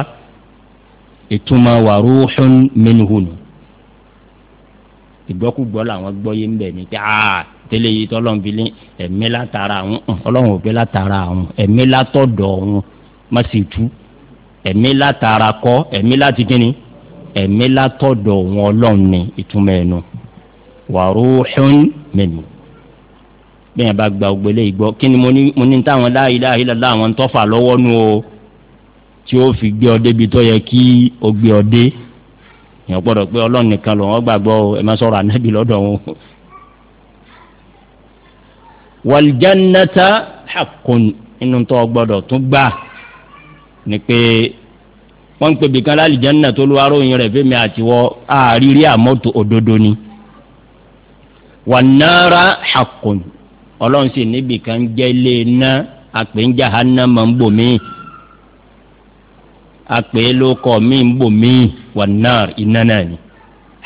ìtumọ̀ wàrúhùn mínhùn ìgbọ́kúgbọ́ làwọn gbọ́ yé ń bẹ̀ ní pé aa tẹ́lẹ̀ yìí tọ́lọ́run fi lé ẹ̀mí látara àwọn ọlọ́run ò pé látara àwọn ẹ̀mí látọ̀dọ̀ àwọn má sì tú ẹ̀mí látara kọ́ ẹ̀mí láti kínní ẹ̀mí látọ̀dọ̀ àwọn ọlọ́run ni ìtumọ̀ ẹ̀nu wàrúhùn mínhùn bí yẹn bá gba ògbélé ìgbọ́ kí ni mo ní táwọn la ilaha illallah àwọn ń tọ́fà lọ́wọ́ nu o tí ó fi gbé ọdẹ bi tó yẹ kí o gbé ọdẹ èèyàn gbọ́dọ̀ pé Ọlọ́run nìkan lòun gbàgbọ́ o ẹ má sọ̀rọ̀ ànábì lọ́dọ̀ wọn. wal jannata inú tó gbọ́dọ̀ tún gbà ni pé wọ́n ń pè bìkan lálìjánná tó rẹ̀ fẹ́mi àtiwọ́ àárírí àmọ́tò òdodo ni. wannara haqqun ọlọ́run sì níbi kan jẹ́ ilé iná àpè ń jahannama ń bò mí àpè ló kọ́ ń bò mí wà náà iná náà ni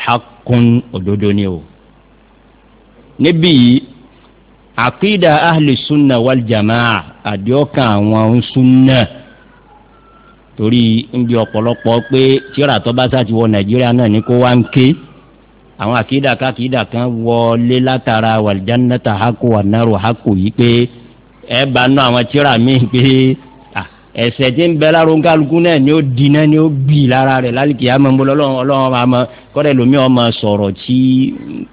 hakun òdodo ni o. níbí yìí àkídà ahli sunna wal jamaa àdìọ́kàn àwọn sunna torí ń bí ọ̀pọ̀lọpọ̀ pé tíra tó bá sá ti wọ nàìjíríà náà àwọn àkìdá kákìdá kan wọlé látara wàlìjánátà hako wànáró hako yìí pé ẹ bá nú àwọn tíra míì pé ẹsẹ tí ń bẹ lára onkaluku náà ni ó di náà ni ó bì lára rẹ lálùkì àmọ ń bọ lọlọrun ọlọrun àmọ kọdẹ lomi ọmọ sọrọ tí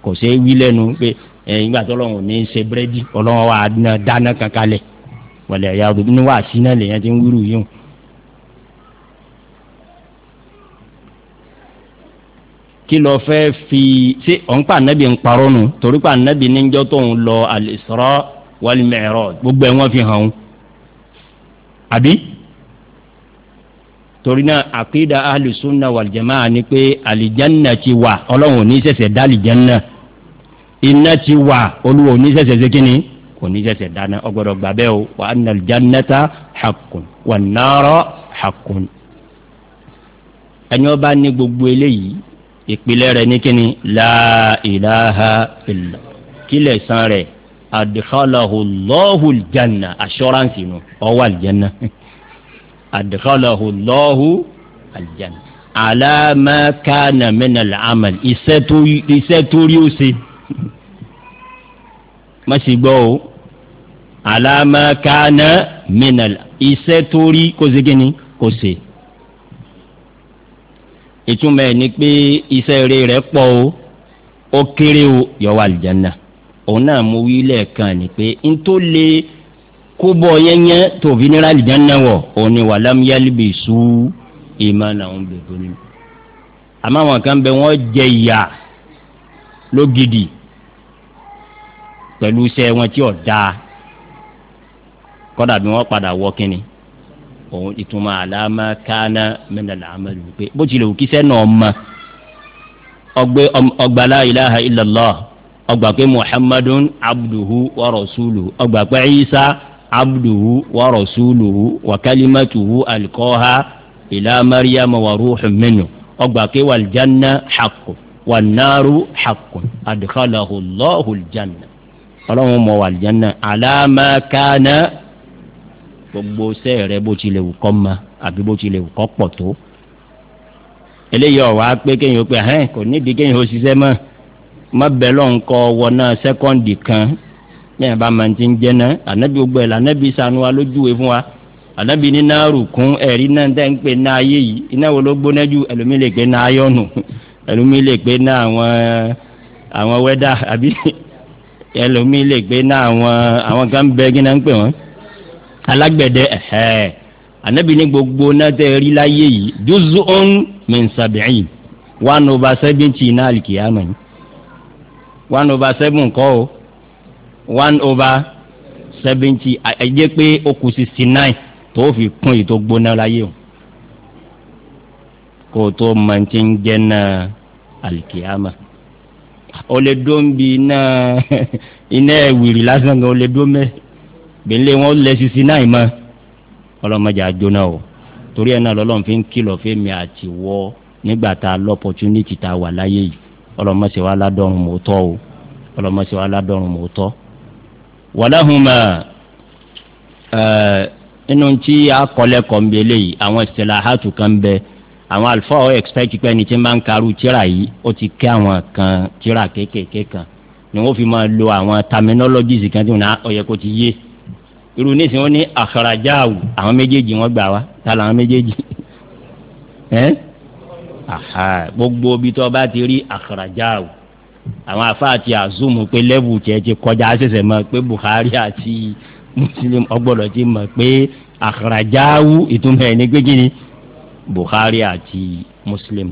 kò ṣe é wí lẹnu pé ẹ ìgbà tó lọrun ò ní ṣe búrẹdì ọlọrun wa dáná kankan lẹ wọlé ẹyà ọdún ní wàásì náà lèyàn ti ń wíru yìí o. kí lọ fẹ́ fi ṣé ọ̀n pa anabi ń parọ́ nu torí pa anabi níjọ́ tó ń lọ al-Isra wal-Mi'raj gbogbo ẹ̀ wọ́n fi hàn ọ́n àbí torí náà àkídà ahlùsúnà wàlìjàmáà ni pé àlìjánà ti wà ọlọ́run ò ní ṣẹ̀ṣẹ̀ dá àlìjánà iná ti wà olúwa ò ní ṣẹ̀ṣẹ̀ ṣe kínní kò ní ṣẹ̀ṣẹ̀ dáná ọgbọ́dọ̀ gbà o wà á nà àlìjánata haqqun wà nàárọ̀ haqqun. ẹni ọba ní gbogbo eléyìí ìpìlẹ̀ rẹ̀ ní kíni la ilaha illa kílẹ̀ san rẹ̀ adkhalahu Allahu aljanna assurance nu ọwọ́ aljanna adkhalahu Allahu aljanna ala ma kana min al-amal iṣẹ́ tó rí ó ṣe má sì gbọ́ o ala ma iṣẹ́ tó rí kó ṣe kíni kó ṣe ìtumọ̀ ẹ̀ ni pé iṣẹ́ rere rẹ̀ pọ̀ o ó kéré o yóò wà àlùjánnà òun náà mo wí lẹ́ẹ̀kan ni pé n tó lè kó bọ̀ yẹ́nyẹ́ tòbí nira àlùjánnà wọ̀ òun ni walam yalbisu imanahum bi zulm àmọ́ àwọn kan bẹ wọ́n jẹ ìyà lógidì pẹ̀lú iṣẹ́ wọn tí ò dáa kọ́dà bí wọ́n padà wọ kínni òun ìtumọ̀ àlámà kánà mẹ́nàlá amẹ́lú pé bó tilẹ̀ òkú iṣẹ́ náà mọ́ ọgbẹ́ ọgbà láìláha ìlàlá ọgbà pé muhammadun abduhu warasuluhu ọgbà pé isa abduhu warasuluhu wakalimatuhu alikọ́ha ìlà mariam waruhun minnu ọgbà pé wàljanna xaqu wànaaru xaqu adikalahu lọ́hùl janna ọlọ́run mọ̀ wàljanna àlámà kánà gbogbo sẹ́ẹ̀rẹ́ bó ti lè wù kọ́ ma àbí bó ti lè wù kọ́ pọ̀ tó eléyìí ọ̀wá pé kéèyàn pé ẹ̀ kò nídìí kéèyàn ó ṣiṣẹ́ mọ́ má bẹ́ẹ̀ lọ́n kọ́ wọná sẹ́kọ́ǹdì kan yẹn bá máa ti ń jẹ́ náà ànábì gbogbo ẹ̀ lànábì sanu wa lójúwe fún wa ànábì ní náà rù kún ẹ̀rí náà tẹ́ ń pè náà ayé yìí iná wo ló gbóná jù ẹlòmí lè pè náà ayọ́nù ẹlòmí lè pè náà àwọn àwọn wẹ́dà àbí ẹlòmí lè pè náà àwọn àwọn kan bẹ́ẹ̀ kí ń pè wọ́n alágbẹ̀dẹ ẹ̀hẹ́ anabi ní gbogbo náà tẹ́ rí láyé yìí jùzú ọ̀n min sàbẹ̀yìn one over seventy náà àlìkìyàmà yìí one over seven kọ́ o one over seventy ẹ jẹ́ pé ó kù sixty nine tó fi kún èyí tó gbóná láyé o kó o tó máa ti ń jẹ́ náà àlìkìyàmà o lè dó ń bi iná iná ẹ̀wìrì lásán kan o lè dó mẹ́rin gbélé wọn lẹ sisi náà ìmọ̀ ọlọ́mọdé àjọná o torí ẹ̀ náà lọ́lọ́run fi ń kìlọ̀ fẹ́mi àti wọ nígbà tá a lọ́pọ̀tunítì tá a wà láyé yìí ọlọ́mọdé wa ládọ́run mò tọ́ o ọlọ́mọdé wa ládọ́run mò tọ́ wàláhùnmá nínú tí a kọ́lẹ́kọ̀ọ́ ń bẹ léyìí àwọn ìṣẹ̀láhàtù kan ń bẹ àwọn àlùfáà ọ̀ ẹ̀xpẹ́tì pé ẹni tí máa ń karú tíra yìí ó ti kẹ́ àwọn kan tíra kéékèèké kan ni wọ́n fi máa lo àwọn terminologies kan tí wọ́n á ọ̀yẹ́ ah, kó ti yé irú nísìn wọn ní àkàràjáàwù àwọn méjèèjì wọn gbà wá ta làwọn méjèèjì gbogbo ibi tó bá ti rí àkàràjáàwù àwọn afáà ti àzùmù pé lẹ́bù tiẹ̀ ti kọjá ṣẹ̀ṣẹ̀ mọ̀ pé buhari àti muslim ọgbọ́dọ̀ ti mọ̀ pé àkàràjáàwù ìtumọ̀ ẹ̀ ní gbégi ni buhari àti muslim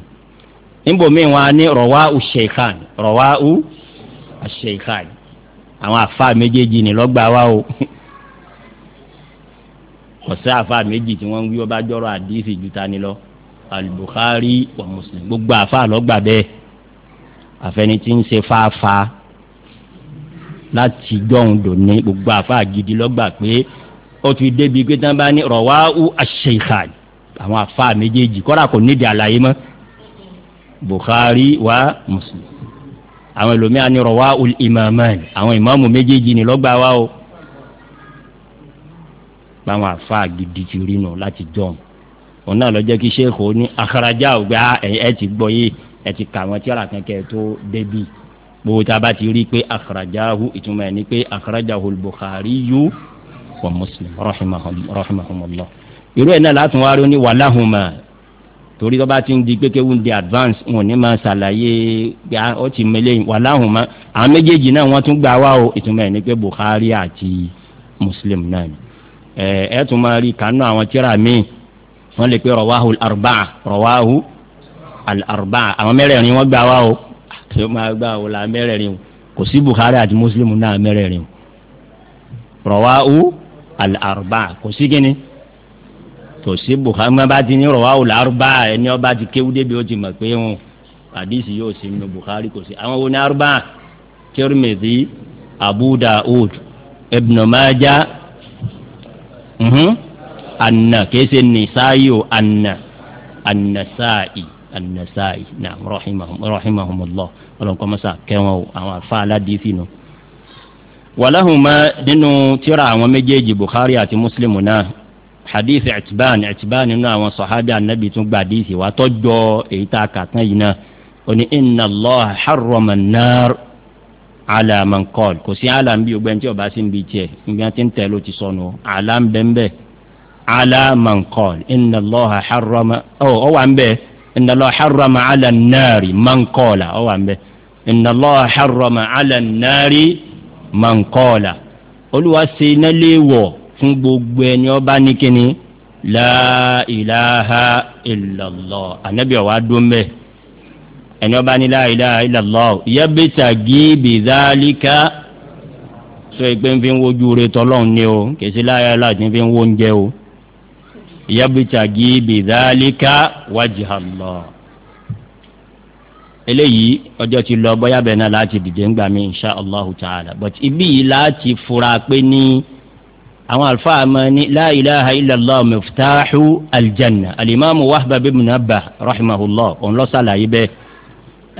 níbòmíì wọn á ní u sheikhan rọwá u sheikhan àwọn afáà méjèèjì ni lọ́gbàá wa o. ọ̀sẹ̀ àfa méjì tí wọ́n ń wí ọba jọ́rọ̀ àdìsí ju ta ni lọ alùbùkárí wà mùsùlùmí gbogbo àfa lọ́gbà bẹ́ẹ̀ àfẹni tí ń ṣe fáfá láti jọ̀hún dòní gbogbo àfa gidi lọ́gbà pé ó ti débi pé tán bá ní rọ̀wáhù àṣeyìkàn àwọn àfa méjèèjì kọ́ra kò nídìí àlàyé mọ́ bùkárí wà mùsùlùmí àwọn ẹlòmíà ní rọ̀wáhù ìmàmán àwọn ìmáàmù méjèèjì ní lọ́gbà wa o báwọn àfa gidi ti rí nù láti jọ̀hún òun náà lọ jẹ́ kí sèkò ní akarajà ògbà ah, ẹ ti gbọ́ yìí ẹ ti kà wọ́n tíra kankan tó débi gbogbo tá a bá ti rí i pé akarajà hu ìtumọ̀ ẹ̀ ni pé akarajà hu bukhari yu wa muslim rahimahumullah irú ẹ̀ náà látún wá rí ní wàláhùnmá torí tó bá ti ń di pékéwù di advance wọn ò ní máa ṣàlàyé gbà ah, ó ti mẹlẹ́yìn wàláhùnmá àwọn méjèèjì náà wọ́n tún gbà wá o ìtumọ̀ ẹ̀ ni pé bukhari àti muslim náà ni ẹ tún máa rí kánú àwọn tíra míì wọ́n lè pe rọ̀wáhu arba'a rọ̀wáhu arba'a àwọn mẹ́rẹ̀ẹ̀rin wọ́n gbà wá o tí ó máa gbà wò la mẹ́rẹ̀ẹ̀rin o kò sí bukhari àti muslim náà mẹ́rẹ̀ẹ̀rin o rọ̀wáhu arba'a kò sí kíni kò sí bukhari má bá ti ní rọ̀wáhu arba'a ẹni ọba ti kéwú débi ó ti mọ̀ pé wọn àdìsí yóò sí nínú bukhari kò sí àwọn wo ní arba'a tirmidhi abu da'ud ibn majah. Mhm. anna kìí ṣe nìsáyì o anna annasáì annasáì naam rahimahumullah ọlọ́nkọ́mọ́sá kẹwọn o àwọn afa aládìísí nu. wàláhùnmá nínú tíra àwọn méjèèjì bukhari àti muslim náà hadith ẹ̀tìbáàn ẹ̀tìbáàn nínú àwọn sọ̀hábì ànábì tún gba àdìsí wàá tọ́jọ́ èyí tá a kà inna allah harrama an alaman kọ́ọ̀d kò sí alam bí ogbẹ́ni tí ọba sí ń bi tiẹ̀ níbi wọn ti ń tẹ̀ ló ti sọnù alam bẹ́ẹ̀nbẹ́ alaman kọ́ọ̀d iná lọ́ha harama ọ ọ wà ń bẹ iná lọ́ha harama ala nàárì man kọ́ọ̀la ọ wà ń bẹ iná lọ́ha harama ala nàárì man kọ́ọ̀la olùwà sí iná léèwọ̀ fún gbogbo ẹni ọba ní kíni láìláha ìlọlọ ànábìyàwó adó ń bẹ́ẹ̀ ẹni ọba ní láìlá ìlàlọ́ yẹ́bẹ̀tà gíbi dáálíkà sọ pé ń fi ń wojú re tọ́lọ́run ní o kèsì láyà láti fi ń wo oúnjẹ o yẹ́bẹ̀tà gíbi dáálíkà wájú àlọ́ eléyìí ọjọ́ ti lọ bọ́yá bẹ́ẹ̀ náà láti dìde ńgbà mí insha allahu ta'ala but ibi yìí láti fura pé ní àwọn àlùfáà máa ní láìláha ilàlọ́ mẹ́fútáhù aljanna alimami wahba bíbí nàbà rahimahullah òun lọ́sàlàyé bẹ́ẹ̀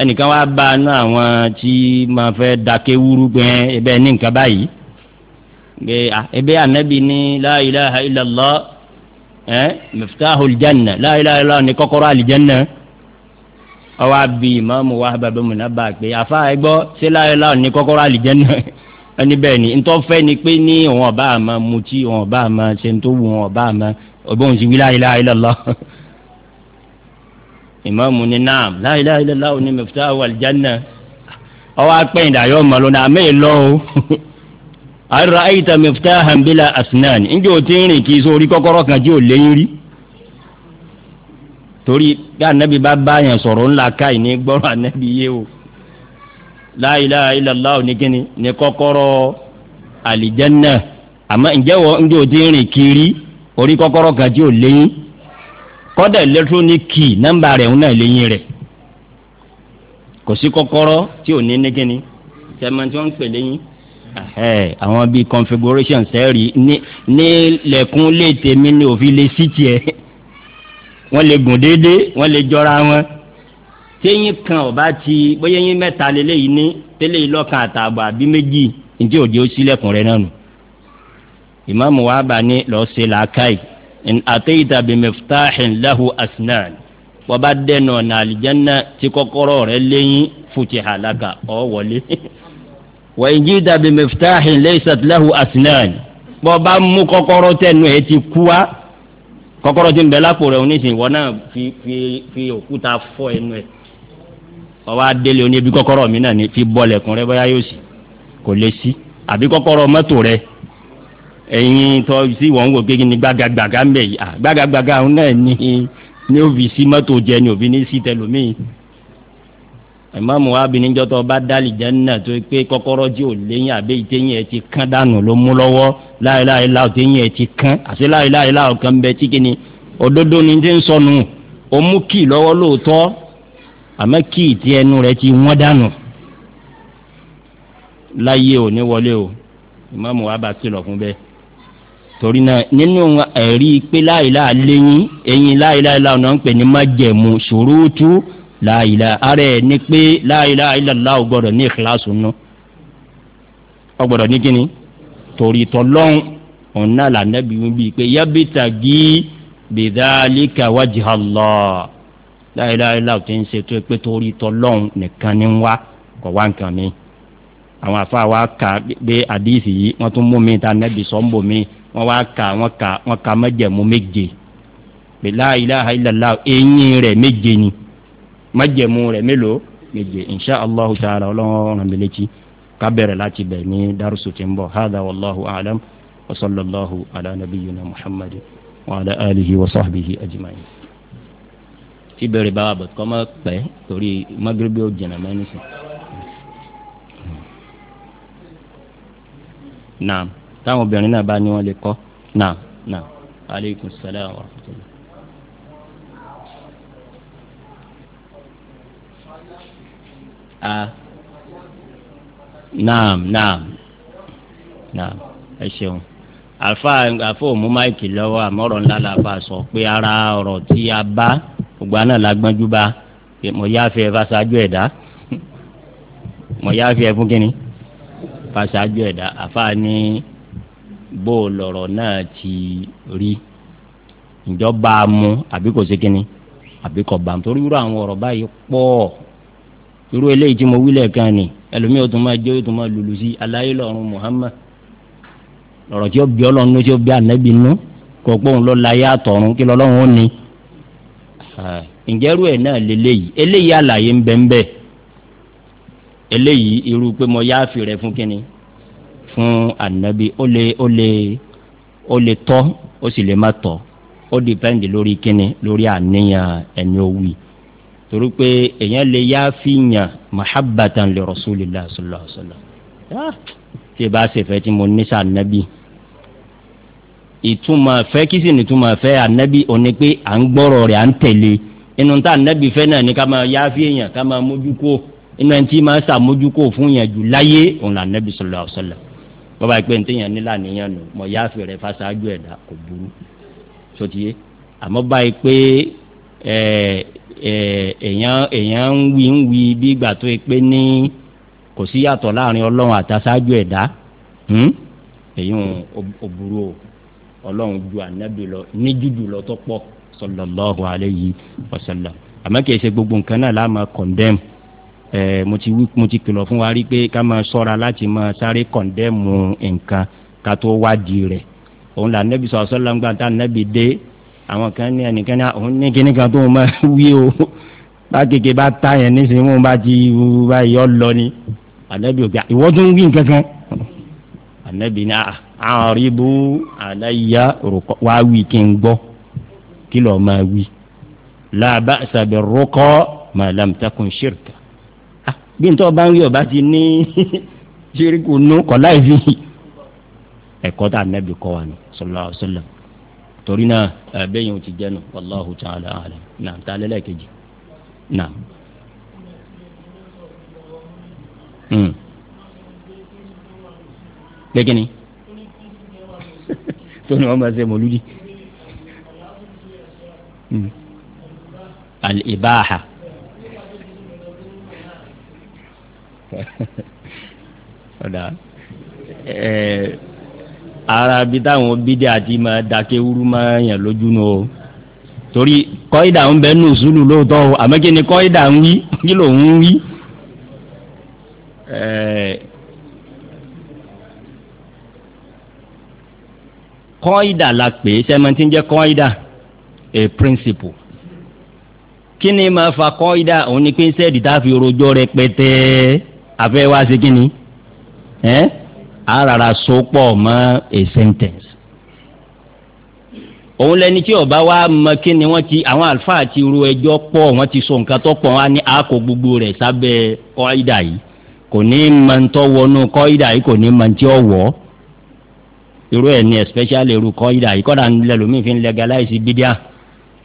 ẹnìkan wá bá a ná àwọn tí máa fẹ́ dákẹ́ wúrú gbẹ́n ẹbẹ́ ní nǹkan báyìí gbé ẹbẹ́ ànábì ní la ilaha illallah ẹ miftahul janna la ilaha illallah ní kọ́kọ́rọ́ àlìjánná ọwọ́ àbí ìmáàmù Wahab bin Munabbih pé àfa ẹgbọ́ ṣé la ilaha illallah ní kọ́kọ́rọ́ àlìjánná ẹni bẹ́ẹ̀ ni ntọ́ fẹ́ ni pé ní wọn ọba àmà mutí wọn ọba àmà ṣe wọn ọba àmà ọgbọ́n sì wí la ìmáàmù ni naam la ilaha illallah ní miftahu aljanna ọwọ́ apẹ́yìn dàyọ́ ọmọ lónà àmì ìlọ o ara ayita miftahan bila asnan njẹ́ o ti rìn kí sórí kọ́kọ́rọ́ kan jẹ́ ò léyìn rí torí bí anabi bá báyàn sọ̀rọ̀ ńlá káì ní gbọ́rọ̀ anabi yé o la ilaha illallah ní kíni ní kọ́kọ́rọ́ alijanna. àmọ́ ǹjẹ́ wọ́n njẹ́ o ti rìn kiri orí kọ́kọ́rọ́ kan jẹ́ ò léyìn rí. kọ́dà ẹlẹ́tíróníkì nọ́mbà rẹ̀ ń náà lẹ́yìn rẹ̀ kò sí kọ́kọ́rọ́ tí ò ní nígínní tẹ́mọ̀ tí wọ́n ń pè lẹ́yìn àwọn bíi configuration sẹ́ẹ̀rì ní lẹ́kún lè tèmi ní òfin lè sí tiẹ̀ wọ́n lè gùn déédéé wọ́n lè jọra wọn téyín kan ọba ti bóyá yín mẹ́ta lélẹ́yìí ní tẹ́lẹ̀ yìí lọ́kàn àtààbọ̀ àbí méjì ní tí òde ó sílẹ̀kùn rẹ̀ náà nù ìmáàmù àtẹ́yìntà bimiftahin lahu asnan wọ́n bá dẹ́nu ọ̀nà àlìjánná tí kọ́kọ́rọ́ rẹ̀ lẹ́yìn fùtì halaka ọ̀ wọlé. wọ́n ìjì dàbí mẹ́fìtáhìn lẹ́sàt lẹ́hu asinan bọ́ bá mú kọ́kọ́rọ́ tẹnu ẹ̀ ti kú wa kọ́kọ́rọ́ ti ń bẹ lápò rẹ̀ oníṣìí wọ́n náà fi fi fi òkúta fọ́ ẹnu ẹ̀ ọwọ́ adélé oní ibi kọ́kọ́rọ́ mi náà ni fi bọ́ọ̀lù ẹ̀kún rẹ bóyá yóò sì kò lè sí àbí kọ́kọ́rọ́ mọ́tò ẹ̀yin tọ́ sí wọ́n wò kékeré ní gbàgàgbàgà ń bẹ̀ yìí gbàgàgbàgà òun náà ní ní òbí sí mọ́tò jẹ ní òbí ní sí tẹlómìn ìmáàmù wa bìnníjọ́ tó bá dálì jẹ́nà tó pé kọ́kọ́rọ́ tí ò léyìn àbẹ́ ìtẹ́yìn ẹ̀ ti kán dànù ló mú lọ́wọ́ láìláì láò tẹ́yìn ẹ̀ ti kán àti láìláì láò kan bẹ tí kìíní òdodo ni ti ń sọnù ó mú kíì lọ́wọ́ lóòótọ́ àmọ́ kíì tí ẹnu rẹ̀ ti wọ́n dànù láyé ò ní wọlé o ìmáàmù wa bá fún bẹ́ẹ̀ torí náà nínú ẹ̀rí pé láìlá léyìn eyín láìlá ìlà ọ̀nà ń pè ní májẹ̀mú ṣòrótú láìlá ara ẹ̀ ni pé láìlá ìlàlá ò gbọ́dọ̀ ní ìkíláàsù nù ọ gbọ́dọ̀ ní kíni torí tọ́lọ́hún ọ̀nà làǹdàbí wíbi pé yábìtà gí bìdálíkà wájìhálà láìlá ìlà ò ti ń ṣe tó pé torí tọ́lọ́hún nìkan ní wá kọ̀ wá nǹkan mi àwọn àfa wa kà pé àdìsí yìí wọ́n tún mú mi ta nẹ́bí sọ́ńbò mi. So wọ́n wá ka wọ́n ka wọ́n ka májẹ̀mú méje pé la ilaha illallah eyín rẹ̀ méje ni májẹ̀mú rẹ̀ mélòó méje insha allahu ta'ala ọlọ́run ràn mí létí ká bẹ̀rẹ̀ láti bẹ̀ ní dárúsù tí ń bọ̀ hadha wallahu a'lam wa sallallahu ala nabiyyina muhammad wa ala alihi wa sahbihi ajma'in. tí bẹ̀rẹ̀ bá wà kọ́ mọ́ pẹ́ torí magrebi ó jìnnà mẹ́rin naam táwọn obìnrin náà bá ní wọn lè kọ́ náà náà aleykum salaam wa rahmatulah. a naam naam naam ẹ ṣeun àfa àfa òmù máìkì lọ́wọ́ àmọ́rọ̀ ńlá la fa sọ pé ara ọ̀rọ̀ tí a bá ògbà náà la gbọ́njú bá mo yá fi ẹ fàṣájú ẹ̀dá mo yá fi fún kínní fàṣájú ẹ̀dá àfa Ni bó lọ̀rọ̀ náà ti rí ǹjọ́ bá àbí kò sí kínní àbí kò bá torí irú àwọn ọ̀rọ̀ báyìí pọ̀ irú mo wí lẹ́ẹ̀kan ni ẹlòmíì ó tún máa jẹ́ ó tún máa sí Muhammad lọ́rọ̀ tí ó bí ọlọ́run ló tí ó bí ànábì nú kò lọ láyé àtọ̀run kí lọ́lọ́run ó ní. ẹ̀ náà lélẹ́yìí eléyìí àlàyé fún anabi ó lè ó lè ó lè tọ́ ó sì lè má tọ́ ó dìpẹ́ǹdì lórí kíni lórí àníyàn ẹni owí torí pé èèyàn lè yá fìyàn mahabbatan li rasulillah sallallahu alaihi wasallam ah, tí ẹ ṣe fẹ́ tí mo ní sá ànábì ìtumọ̀ fẹ́ kí sì ni ìtumọ̀ fẹ́ anabi òní pé à ń gbọ́rọ̀ rẹ̀ à ń tẹ̀lé inú tá ànábì fẹ́ náà ni ká máa yá fìyàn ká máa mójúkó inú ẹni tí máa ṣàmójúkó fún yàn jù láyé òun là ànábì sallallahu alaihi wasallam bàbá ìpè ntẹ̀yàn nílà níyàn nù mọ̀ yá fèrè fásáájú ẹ̀dá kò burú sotiye àmọ́ báyìí pé èèyàn èèyàn ń wí ń wí bí ìgbà tó pé ní kò sí yàtọ̀ láàrin ọlọ́run àtàsáájú ẹ̀dá hmm? èyí ò burú o ọlọ́run ju ànábì lọ ní jújù lọ tó pọ̀ sọlọ́lọ́hu aleyhi ọ̀sẹ̀lọ̀ àmọ́ kìí ṣe gbogbo nǹkan náà láàmú condemn ẹ mo ti wí mo ti kìlọ̀ fún wa rí pé ká máa sọ́ra láti máa sáré kọ̀ndẹ́mù nǹkan ká tó wádìí rẹ̀ òun là nẹ́bi sọ̀rọ̀ sọ́la ńgbà tá nẹ́bi dé àwọn kan ní ẹnìkan ní òun ní kíní kan tó ń máa wí o bá kéke bá tá yẹn nísìnyí wọn bá ti bá yọ lọ ni ànẹ́bi òkè ìwọ́dún wí nǹkan ànẹ́bi ní ah, àríbú àdáyà wá wí kí n gbọ́ kí lọ́ọ́ máa wí làbá sàbẹ̀ rọ́kọ́ màdàm takùn bí n tọ́ bá ń rí ọba ti ní ṣeríkù nú kọ́ láì fi ẹ̀kọ́ tá a nẹ́bi kọ́ wa ni sallallahu alaihi wasallam torí náà ẹ̀bẹ́yìn ò ti jẹ́ nu wallahu ta'ala alam náà ta lẹ́lẹ́ kejì náà. gbẹ́gẹ́ hmm. ni tó ní ṣe mọ̀lúdì. Hmm. al-ibaha. ọ̀dà ara bí táwọn bídé àti ma dákẹ́ wúrú máa yàn lójú nù o torí kọ́ídà ń bẹ nù sùúrù lóòótọ́ o àmọ́ kọ́ídà ń wí kí la pè é sẹ́mẹ́ntì jẹ́ kọ́ídà a principle kí ni ma fa kọ́ídà òun ni pé sẹ́ẹ̀dì tá a fi rojọ́ afẹ́ wá sí kínní ẹ́ arara sopọ̀ mọ́ a sentence. òun lẹni tí ọba wa mọ kínní wọ́n ti àwọn àlùfáà ti ru ẹjọ́ pọ̀ wọ́n ti sọ nǹkan tó pọ̀ wá ní àkó gbogbo rẹ̀ sábẹ́ kọ́ìdà yìí kò ní mọ ntọ́ wọnú kọ́ìdà yìí kò ní mọ ntí ọ̀wọ́ irú ẹ̀ ní especially irú kọ́ìdà yìí kọ́dà ń lẹ́lòmíì fi ń legalize bídíà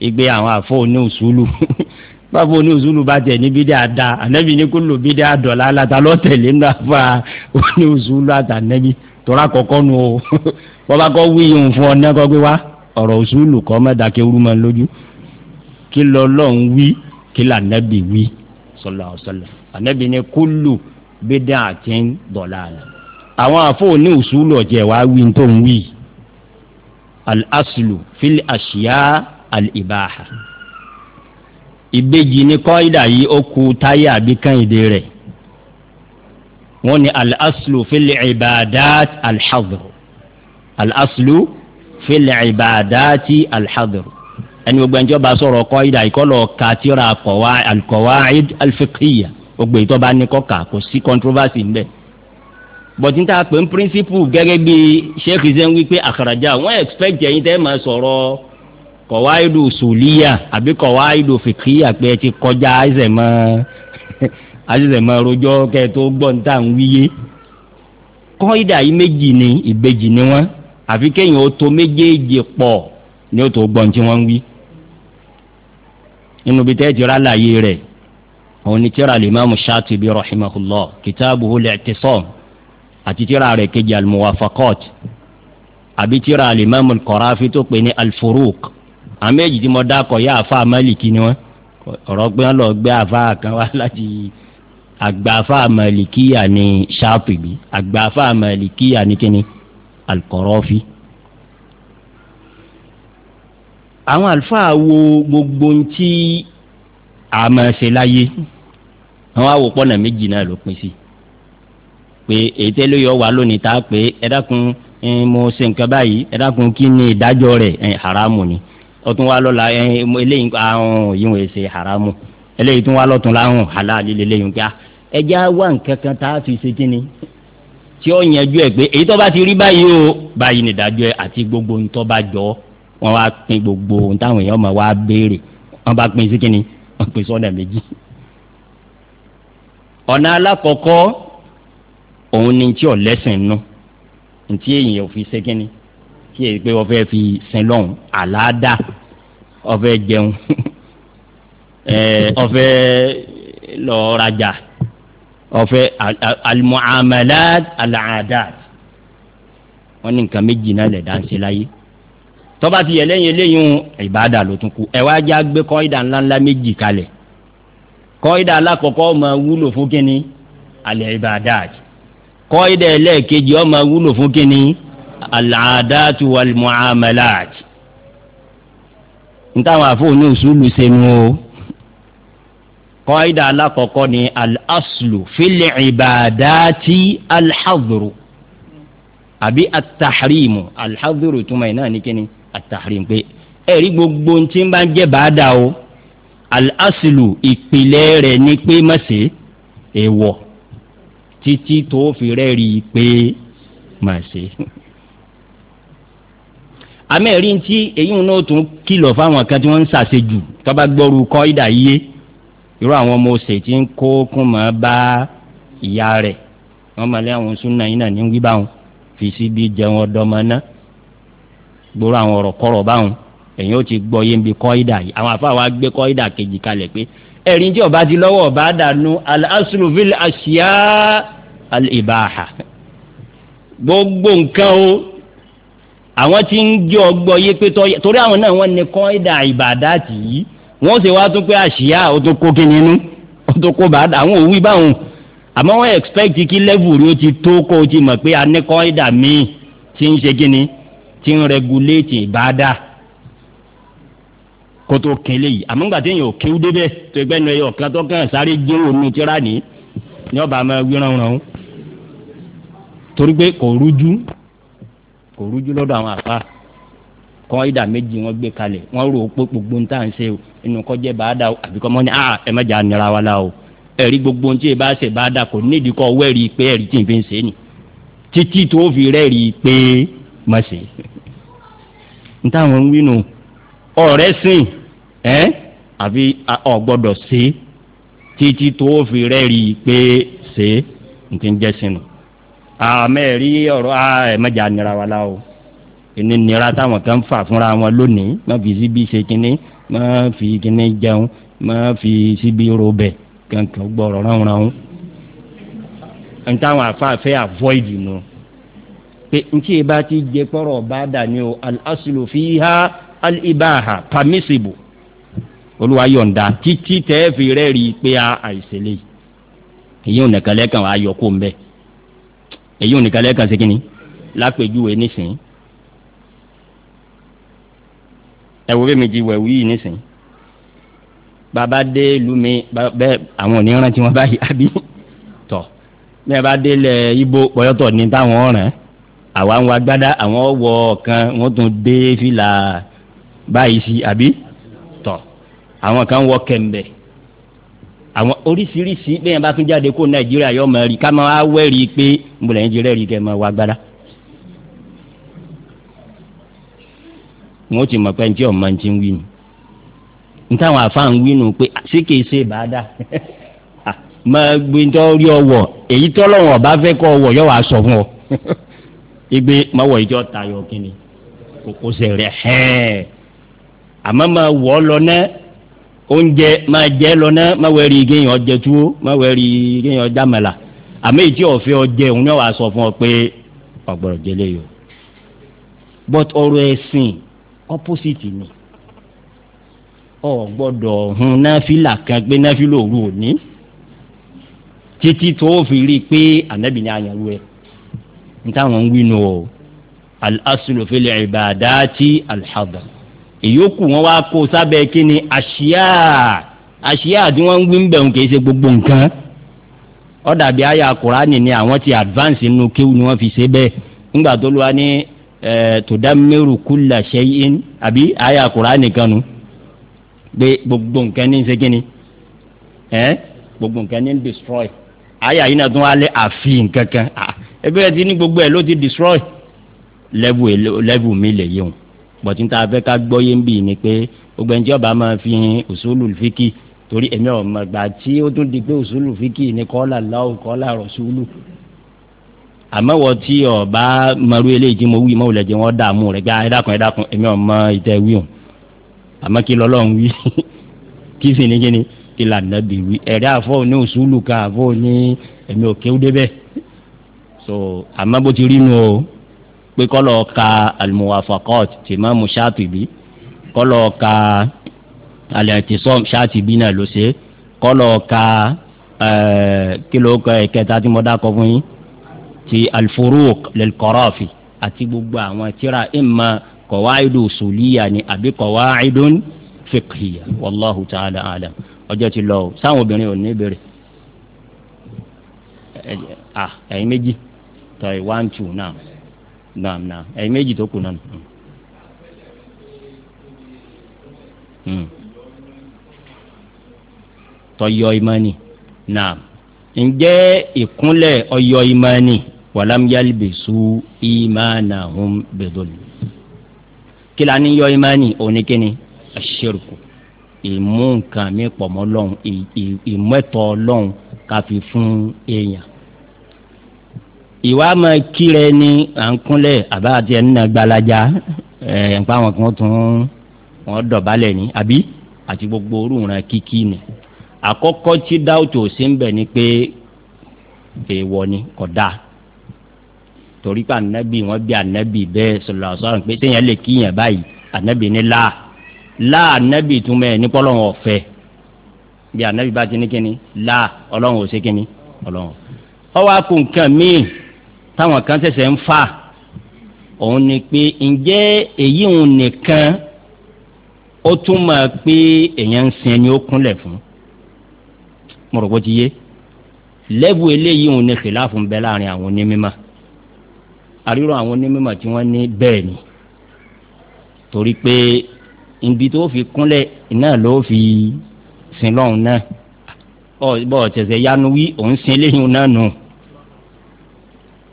igbe àwọn àfọ̀ oní báwo ni òṣùlù bá tẹ̀ ní bídẹ́ àdá ànẹ́bí ní kó lò bídẹ́ àdọ̀lá láta lọ́tẹ̀lé ńlá fà ó ní òṣùlù àtànẹ́bí tọ́lá kọ̀ọ̀kan nu o bọ́lá kọ́ wí ìhùn fún ọ ní ẹ̀kọ́ gbé wá ọ̀rọ̀ òṣùlù kọ́ mẹ́ta kí orú máa lójú kí lọ lọ́hùn wí kí là ànẹ́bí wí sọlá ọ̀sọlá ànẹ́bí ní kó lò bídẹ́ àti dọ̀lá àlà àwọn àfọ̀ ní òṣùlù ọ̀jẹ̀ wá wí tó ń wí al aslu ìbejì ni kọ́ìdà yìí ó ku táyà àbí kẹ́hìndé rẹ̀ wọ́n ní al-aslu fil ibadat al-hadr al-aslu fil ibadati al-hadr ẹni gbogbo ẹni tí wọ́n bá sọ̀rọ̀ kọ́ìdà ìkọlọ̀ kàtírà al-qawaid al-fiqhiyya gbogbo ìtọ́ bá ní kọ́kà kò sí controversy ń bẹ̀ bọ̀tí tá a pè ń principle gẹ́gẹ́ bí sheikh zen wípé àkàràjà wọ́n expect ẹ̀yin tẹ́ máa sọ̀rọ̀ kọ̀wáìdù sùlíyà àbí kọ̀wáìdù fìkíyà pé ẹ ti kọjá àìsèmọ́ àìsèmọ́ rojọ́ kẹ́ ẹ tó gbọ́ ní tà ń wíyé kọ́ìdà yìí méjì ni ìbejì ni wọ́n àfi kéèyàn ó to méjèèjì pọ̀ ni ó tó gbọ́ ní tí wọ́n ń wí nínú bí tẹ́ẹ̀tì rálàyé rẹ̀ òun ni tíra limamu shatibi rahimahullah kitaabuhu lẹ́ẹ̀tisọ́m àti tíra rẹ̀ kejì almuwafakot àbí tíra limamu kọ́ráfi tó pè ní alfuruq àwọn méjì tí mo dákọ̀ yá àfa Málìkì ni wọ́n ọ̀rọ̀ pé wọ́n lọ gbé àfa kan wá láti àgbàfa Málìkìyà ni Ṣáàtìbí àgbàfa Málìkìyà ni kíni Al-Qarafi. àwọn àlùfáà wo gbogbo ohun tí a máa ṣe láyé àwọn àwòpọ̀nà méjì náà ló pín sí pé èyí tẹ́lẹ̀ yọ wà lónìí tá pé ẹ dákun mo ṣe nǹkan báyìí ẹ dákun kí ni ìdájọ́ rẹ̀ haramu ni. Eh, ọtún wa lọ́la eléyìí àwọn ah, yìí wọ́n ṣe haramu eléyìí tún wa lọ́tún láwọn halali lélẹ́yìn pé ah, ẹja wà nkankan tá a fi ṣe kíni tí ó yanjú ẹ pé èyí tó bá ti rí báyìí o báyìí nìdájọ́ ẹ àti gbogbo ntọ́ bá jọ wọn wá pín gbogbo ntáwọn èèyàn máa wá béèrè wọn bá pín sí kíni wọn pín sọ́nà méjì ọ̀nà alákọ̀ọ́kọ́ òun ni tí ò lẹ́sìn nù ntí èyí ò fi ṣe kíni tí èyí pé wọ́n fẹ́ fi sin lọ́hùn àláàdá ọ̀fẹ́ jẹun ọ̀fẹ́ lọ rajà ọ̀fẹ́ alimuamalat alaadat wọ́n ní nǹkan méjì náà lẹ̀ dáńsẹ́ láyé tọ́ba ti yẹ lẹ́yìn eléyìí ìbáàdà ló tún kù ẹ̀ wá já gbé kọ́ńdà ńláńlá méjì kalẹ̀ kọ́ńdà alákọ̀ọ́kọ́ máa wúlò fún kínní alẹ́ ìbáàdà kọ́ńdà ẹlẹ́ẹ̀kejì ó wúlò fún kínní al'adatu wal mu'amalat n táwọn àfọwọ́ ní òṣùlù sẹ́nu o kọ́ńdà alákọ̀ọ́kọ́ ni al'aslu fili ibadati alḥaduru àbí atahrimu alḥaduru túmọ̀ yìí náà ní kíni atahrim pé ẹ̀rí gbogbo tí ń bá ń jẹ́ bàdà o al'aslu ìpìlẹ̀ rẹ̀ ni pé má ṣe èèwọ̀ títí tó fi rẹ́ẹ̀rí pé má ṣe amẹ́rí ntí èyí ń náà tún kìlọ̀ fáwọn kan tí wọ́n ń ṣàṣejù tọ́ba gbọ́rú kọ́ ìdá yé irú àwọn ọmọ ọ̀sẹ̀ tí ń kó kún mọ́ bá ìyá rẹ̀ wọ́n máa lé àwọn súnà yín náà ní wí báwọn fi síbi jẹun ọ̀dọ́mọ náà gbọ́rú àwọn ọ̀rọ̀ kọ́rọ̀ báwọn èyí ó ti gbọ́ yé ń bi yìí àwọn afáwa gbé kọ́ kejì kalẹ̀ pé ẹ̀rín tí ọba ti lọ́wọ́ ọba dànù al-aslu fil gbogbo nǹkan o àwọn tí ń jẹ́ ọgbọ́ yé pé torí àwọn náà wọ́n ní kọ́ ìdá ìbàdàtì yìí wọ́n sì wá tún pé àṣìyá ó tó kó kíni inú ó tó kó bàdà àwọn òwú báwọn àmọ́ wọ́n expect kí level rí ó ti tó kó o ti mọ̀ pé a ní kọ́ ìdá míì tí ń ṣe kíni tí ń regulate ìbàdà kó tó kín léyìí àmọ́ nígbà tí èèyàn kí ó débẹ̀ tó ẹgbẹ́ nu ẹyọ kan tó kàn sáré jíròrò nu tíra ní ní ọba máa wíran ràn ó torí pé kò rújú kò rújú lọ́dọ̀ àwọn àfa kọ́ ìdá méjì wọ́n gbé kalẹ̀ wọ́n rò ó gbogbo ń tà ṣe o inú kọ́ jẹ́ bàádà o àbíkọ́ mọ́ ni a ẹ mẹ́jà nira wa la o ẹ̀rí gbogbo ń tí ì bá ṣe bàádà kò nídìí kọ́ wẹ́ẹ̀rí pé ẹ̀rí tí ì fi ń ṣe ni títí tó fi rẹ́ẹ̀rí pé má ṣe n táwọn ń wínú ọ̀rẹ́ sìn ẹ́ àbí ọ̀gbọ́dọ̀ ṣe títí tó fi rẹ́ẹ̀rí pé ṣe n ti ń jẹ́ sínú àmẹ́rí ọ̀rọ̀ ẹ̀mẹ́jà nira wa la o ìní nira táwọn kan fà fúnra wọn lónìí má fi síbi ṣe kínní má fi kínní jẹun má fi síbi robẹ̀ kankan gbọ́rọ̀ ránranrun n táwọn afáfẹ́ avoid nù pé n tí ìbá ti jẹ kọ́rọ̀ bá dà ní o al-aslu fiha al-ibaha permissible olúwa yọ̀ǹda títí tẹ́ẹ̀ fi rẹ́ẹ̀rí pé a àìsèlè èyí ò nìkan lẹ́kàn wá yọ kó ń bẹ́ẹ̀ èyí ò ní kalẹ́ kan sí kínní lápèjúwe nísìnyí ẹ wo bí mi ti wẹ̀ wíyì nísìnyí bàbá dé ìlú mi bẹ́ẹ̀ àwọn oníran tí wọ́n báyìí àbí tọ̀ bẹ́ẹ̀ bá dé lẹ̀ ibo pọ̀yọ́tọ̀ ní táwọn ọ̀ràn àwa ń wa gbádá àwọn wọ ọ̀kan wọ́n tún dé fìlà báyìí sí àbí tọ̀ àwọn kan wọ kẹ̀m̀bẹ̀ àwọn oríṣiríṣi bẹ́ẹ̀ bá tún jáde kó nàìjíríà yọ ọmọ rí ká máa wẹ́rí pé mbọ̀lẹ̀ nàìjíríà rí kẹ́ máa wá gbára. wọ́n ti mọ̀ pé ntí ọmọ ti ń wí nù ntáwọn àfáà ń wí nù pé ṣé kìí ṣe ìbáadá máa gbé tó rí ọwọ́ èyí tọ́lọ́wọ̀n bá fẹ́ kọ́ ọwọ́ yọ wàá sọ fún ọ igbe mọ́wọ́ ìjọ tayọ kínni kò kó sẹ̀rẹ̀ hẹ́ẹ̀ àmọ́ máa wọ̀ ọ́ lọ náà oúnjẹ máa jẹ lọ́nà má wẹ́ rí kéèyàn jẹ túwó má wẹ́ rí kéèyàn jámàlà àmì tí ọ̀fẹ́ ọjẹ òun náà wàá sọ fún ọ pé ọ̀gbọ̀rọ̀ jẹlé yìí o but ọ̀rọ̀ ẹ̀sìn opposite ni ọ gbọ́dọ̀ hun náfìlà kan gbé náfìlà òru òní títí tó fi rí i pé ànábì ní àyànwó ẹ n táwọn ń wí nù ọ al aslu fil ibadati al hadar ìyókù wọn wá kó sábẹ́ kí ni àṣìyá àṣìyá tí wọ́n ń gbé ń bẹ̀rù kì í ṣe gbogbo nǹkan ó dàbí àyà kùránì ni àwọn ti advance inú kéwù ni wọ́n fi ṣe bẹ́ẹ̀ nígbà tó lọ́wọ́ ní tudammiru kulla shay'in àbí àyà kùránì kan nu pé gbogbo nǹkan ní ṣe kí ni gbogbo nǹkan ní destroy àyà yìí náà tún wá lé àfihàn kankan ẹgbẹ́ ti ní gbogbo ẹ̀ ló ti destroy level mi lè yé bọ̀tí tá a fẹ́ ká gbọ́yé ń bì ní pé gbogbo ẹni tí ọba máa fi usulul fíkì torí èmi ọ̀mọ̀ gbà tí ó tún di pé usulul fíkì ní kọ́là Allahu kọ́là rasulu àmọ́ wọ́n tí ọba mọ̀rú eléyìí tí mo wí mọ́ òlẹ̀jẹ̀ wọn dààmú rẹ̀ gbá ah, ẹ dákun ẹ dákun èmi ọ̀mọ̀ ìtẹ́ wí hùn àmọ́ kí lọ́lọ́run wí kí sì ní kíni kí lànà bì wí ẹ̀rí àfọ́ ní usulul ká àfọ́ ní èmi òkè ó débẹ̀ so àmọ́ bó ti rí nu o pé kọ́ lọ ka almuwafakot tí imáàmù ṣáàtìbí kọ́ lọ ka alẹ́tìsọ́m ṣáàtìbí náà ló ṣe kọ́ lọ ka kí ló kọ ẹ̀kẹta tí mo dákọ̀ fún yín ti alfuruq lilqarafi àti gbogbo àwọn tíra imma kọ̀wáìdù sùlíyà ni àbí kọ̀wáìdùn fiqhiya wallahu ta'ala alam ọjọ́ ti lọ sáwọn obìnrin ò ní bèrè ẹ̀yin méjì tọ́ ẹ̀ one two now naam naam ẹ̀yin méjì tó kù náà. Hmm. Hmm. tọyọ imani naam ǹjẹ́ ìkúnlẹ̀ ọyọ imani wàlámúyálìbèsú imanahum bẹ̀dọ̀lù kí la ní yọ imani oníkíni aṣèrùkù ìmú nǹkan mi pọ̀ mọ́ lọ́hùn ìmú ẹ̀tọ́ lọ́hùn ká fi ìwà ma kíra ẹni à ń kúnlẹ̀ àbá àti ẹni náà gbalaja ẹ̀ ń pa àwọn kan tún wọn dọ̀bálẹ̀ ni àbí àti gbogbo orúurun kíkí ni àkọ́kọ́ tí dáwùtò sí ń bẹ̀ ni pé èèwọ̀ ni kódà torí pé ànábì wọn bí ànábì bẹ́ẹ̀ sọlọ sọ̀rọ̀ pé téèyàn lè kíyàn báyìí ànábì ni láà láà ànábì tún mẹ́ẹ̀ ní pọ́lọ́wọ́n ọ̀fẹ́ bí ànábì bá ti ní kíni láà ọlọ́run ò sí kíni ọlọ́run ọwọ́ akùnkàn míì táwọn kan ṣẹ̀ṣẹ̀ ń fà òun ni pé ǹjẹ́ èyí òun nìkan ó tún máa pé èèyàn ń sin ẹni ó kúnlẹ̀ fún mo ti yé lẹ́bù eléyìí òun ni kìláàfù ń bẹ láàrin àwọn onímọ̀ àrírò àwọn onímọ̀ tí wọ́n ní bẹ́ẹ̀ ni torí pé ibi tó fi kúnlẹ̀ náà ló fi sin lọ́hùn náà bọ́ọ̀ tẹ̀sẹ̀ yanu wí òun sin eléyìí náà nù. No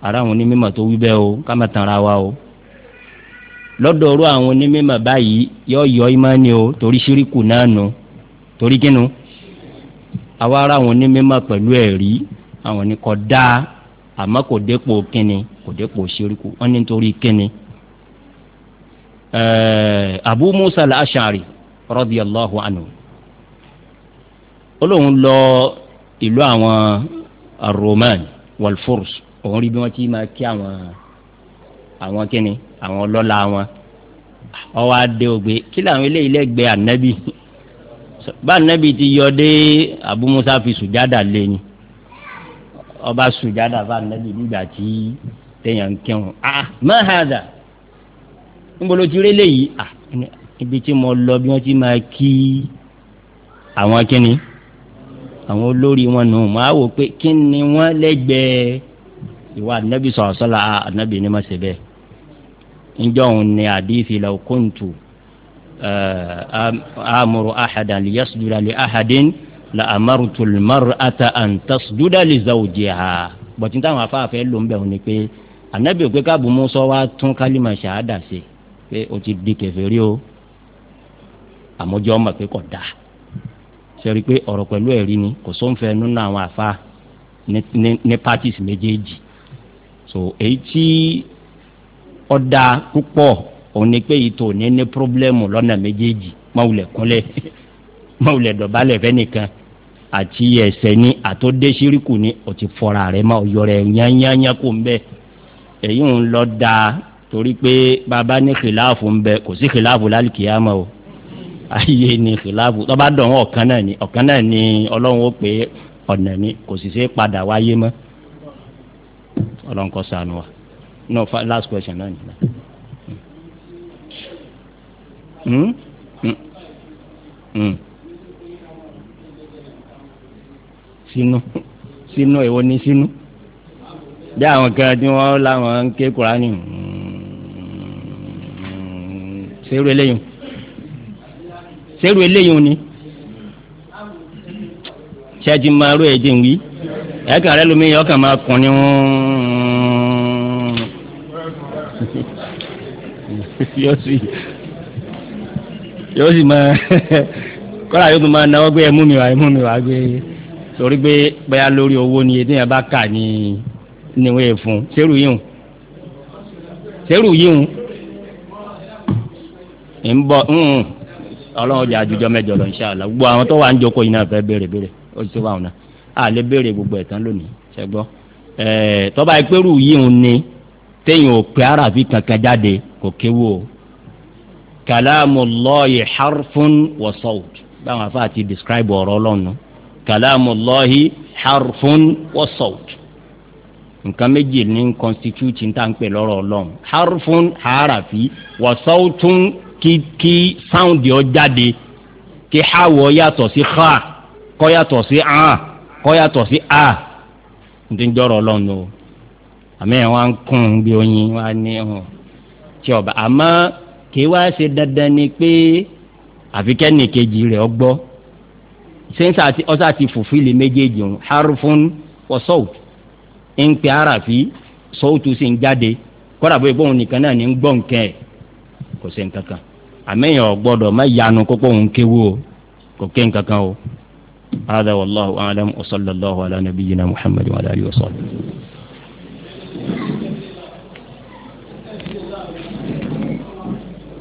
ara àwọn onímọ̀ tó wí bẹ́ẹ̀ o ká má tanra wa o lọ́dọ̀ọ́rọ́ àwọn onímọ̀ báyìí yọ yọ ìmánì o torí ṣíríkù náà nù torí kínú àwa ara àwọn onímọ̀ pẹ̀lú ẹ̀rí àwọn ni kò dáa àmọ́ kò dépò kínni kò dépò ṣíríkù wọ́n ní nítorí kínni. Abu Musa al-Ash'ari radiyallahu anhu olóhùn lọ ìlú àwọn aroman walfurs òun rí bí wọ́n ti máa kí àwọn àwọn kíni àwọn ọlọ́lá wọn ọwọ́ adé ògbé kí làwọn eléyìí lẹ́gbẹ̀ẹ́ ànábì bá ànábì ti yọ dé Abu fi sùjádà lé ni ọba sùjádà bá ànábì nígbà tí téèyàn ń kírun ah mahada nbolo ti rí eléyìí ah ibi tí mo lọ bí wọ́n ti máa kí àwọn kíni àwọn olórí wọn nù máa wò pé kí ni lẹ́gbẹ̀ẹ́ ìwà anabi sọ̀rọ̀ sọ́la anabi ni ma ṣe bẹ́ẹ̀ njọ́ òun ni àdìsí law kuntu eh, amuru ahadan liyasjuda li ahadin la amartu al-mar'ata an tasjuda li zawjiha bọ̀tí táwọn afáfẹ́ ló ń bẹ̀ wọn ni pé anabi òpè káàbù musa wa tún kálímà ṣàádà ṣe pé o ti di kèfèrí o àmójọ́ ọmọ pé kò dáa sẹ́rí pé ọ̀rọ̀ pẹ̀lú ẹ̀rí ni kò sóńfẹ́ nínú àwọn àfa ní parties méjèèjì so èyí tí ọ̀dà púpọ̀ òun ni pé ìtò ní ní pírọ́blẹ́mù lọ́nà méjèèjì máwùlẹ̀ kúnlẹ̀ máwùlẹ̀ dọ̀bálẹ̀ fẹ́nìkan àti ẹsẹ̀ ní àtọ́dé síríkù ní o ti fọ́ra rẹ̀ máa yọ rẹ̀ yányányá kó ń bẹ́ èyí ń lọ da torí pé bàbá ní kìláàfù ń bẹ kò sí kìláàfù lálùkìyàmọ́ o ayé ni kìláàfù tọ́ba dọ̀wọ́ ọ̀kan náà ni ọ̀kan náà ni ọlọ́run ó pé ọ̀nà ni kò sì ṣe padà wáyé mọ́ ọlọ́run kó ṣàánú wa no last question náà nìyẹn. Hmm? Hmm. Hmm. sínú sínú èwo ní sínú bí àwọn kan tí wọ́n láwọn ń ké kurani hmm. ṣerú eléyìí ṣerú eléyìí ni ṣẹ́ẹ́dì máa rú ẹ̀jẹ̀ ń wí ẹ̀ẹ́kan rẹ lómi ọkàn máa kàn ní wọ́n. yóò sì yóò sì máa kọ́lá yóò tún máa náwó gbé ẹmú mi wá ẹmú mi wá gbé torí pé bóyá lórí owó ni ètò yẹn bá kà ní níwọ̀n èèfún sẹ́rù yìí hùn sẹ́rù yìí hùn ń bọ̀ ọlọ́run ọjà àjùjọ mẹ́jọ lọ inṣàlá gbogbo àwọn tó wà ń jókòó yìí náà fẹ́ béèrè béèrè ó ti tó wà wọn náà a lè béèrè gbogbo ẹ̀ tán lónìí ṣẹ́gbọ́ ẹ̀ tọ́ba ìpẹ́rù yìí hùn ni téèyàn ò pé àràfi kankan jáde kò kéwu o kàlámùlọ́ọ̀yì harfun wa sawt báwọn afa ti describe ọ̀rọ̀ ọlọ́nu kàlámùlọ́ọ̀yì harfun wa sawt nǹkan méjì ní constitute tá à ń pè lọ́rọ̀ ọlọ́run harfun harafi wa sawtun kí kí sound yọ jáde kí hawọ yàtọ̀ sí xa kọ́ yàtọ̀ sí an kọ́ yàtọ̀ sí a n ti jọrọ ọlọ́run o àmì ẹ̀ ń kún bí oyin wọ́n ní ọ̀hún tí ọba àmọ́ kì í wá ṣe dandan ni pé àfikẹ́ni kejì rẹ̀ ọgbọ́ sẹ́ńsà ọ̀sà ti fòfìlì méjèèjì ọ̀hún harufun wa sawt ń pe arafi sọ́ọ̀tù sì ń jáde kọ́dà bóyá pé òun nìkan náà ní ń gbọ́ nǹkan ẹ̀ kò sí nǹkan kan àmẹ́yìn ọ̀gbọ́dọ̀ má yanu kókó òun kéwu o kò ké nǹkan o. هذا والله أعلم وصلى الله على نبينا محمد وعلى آله وصحبه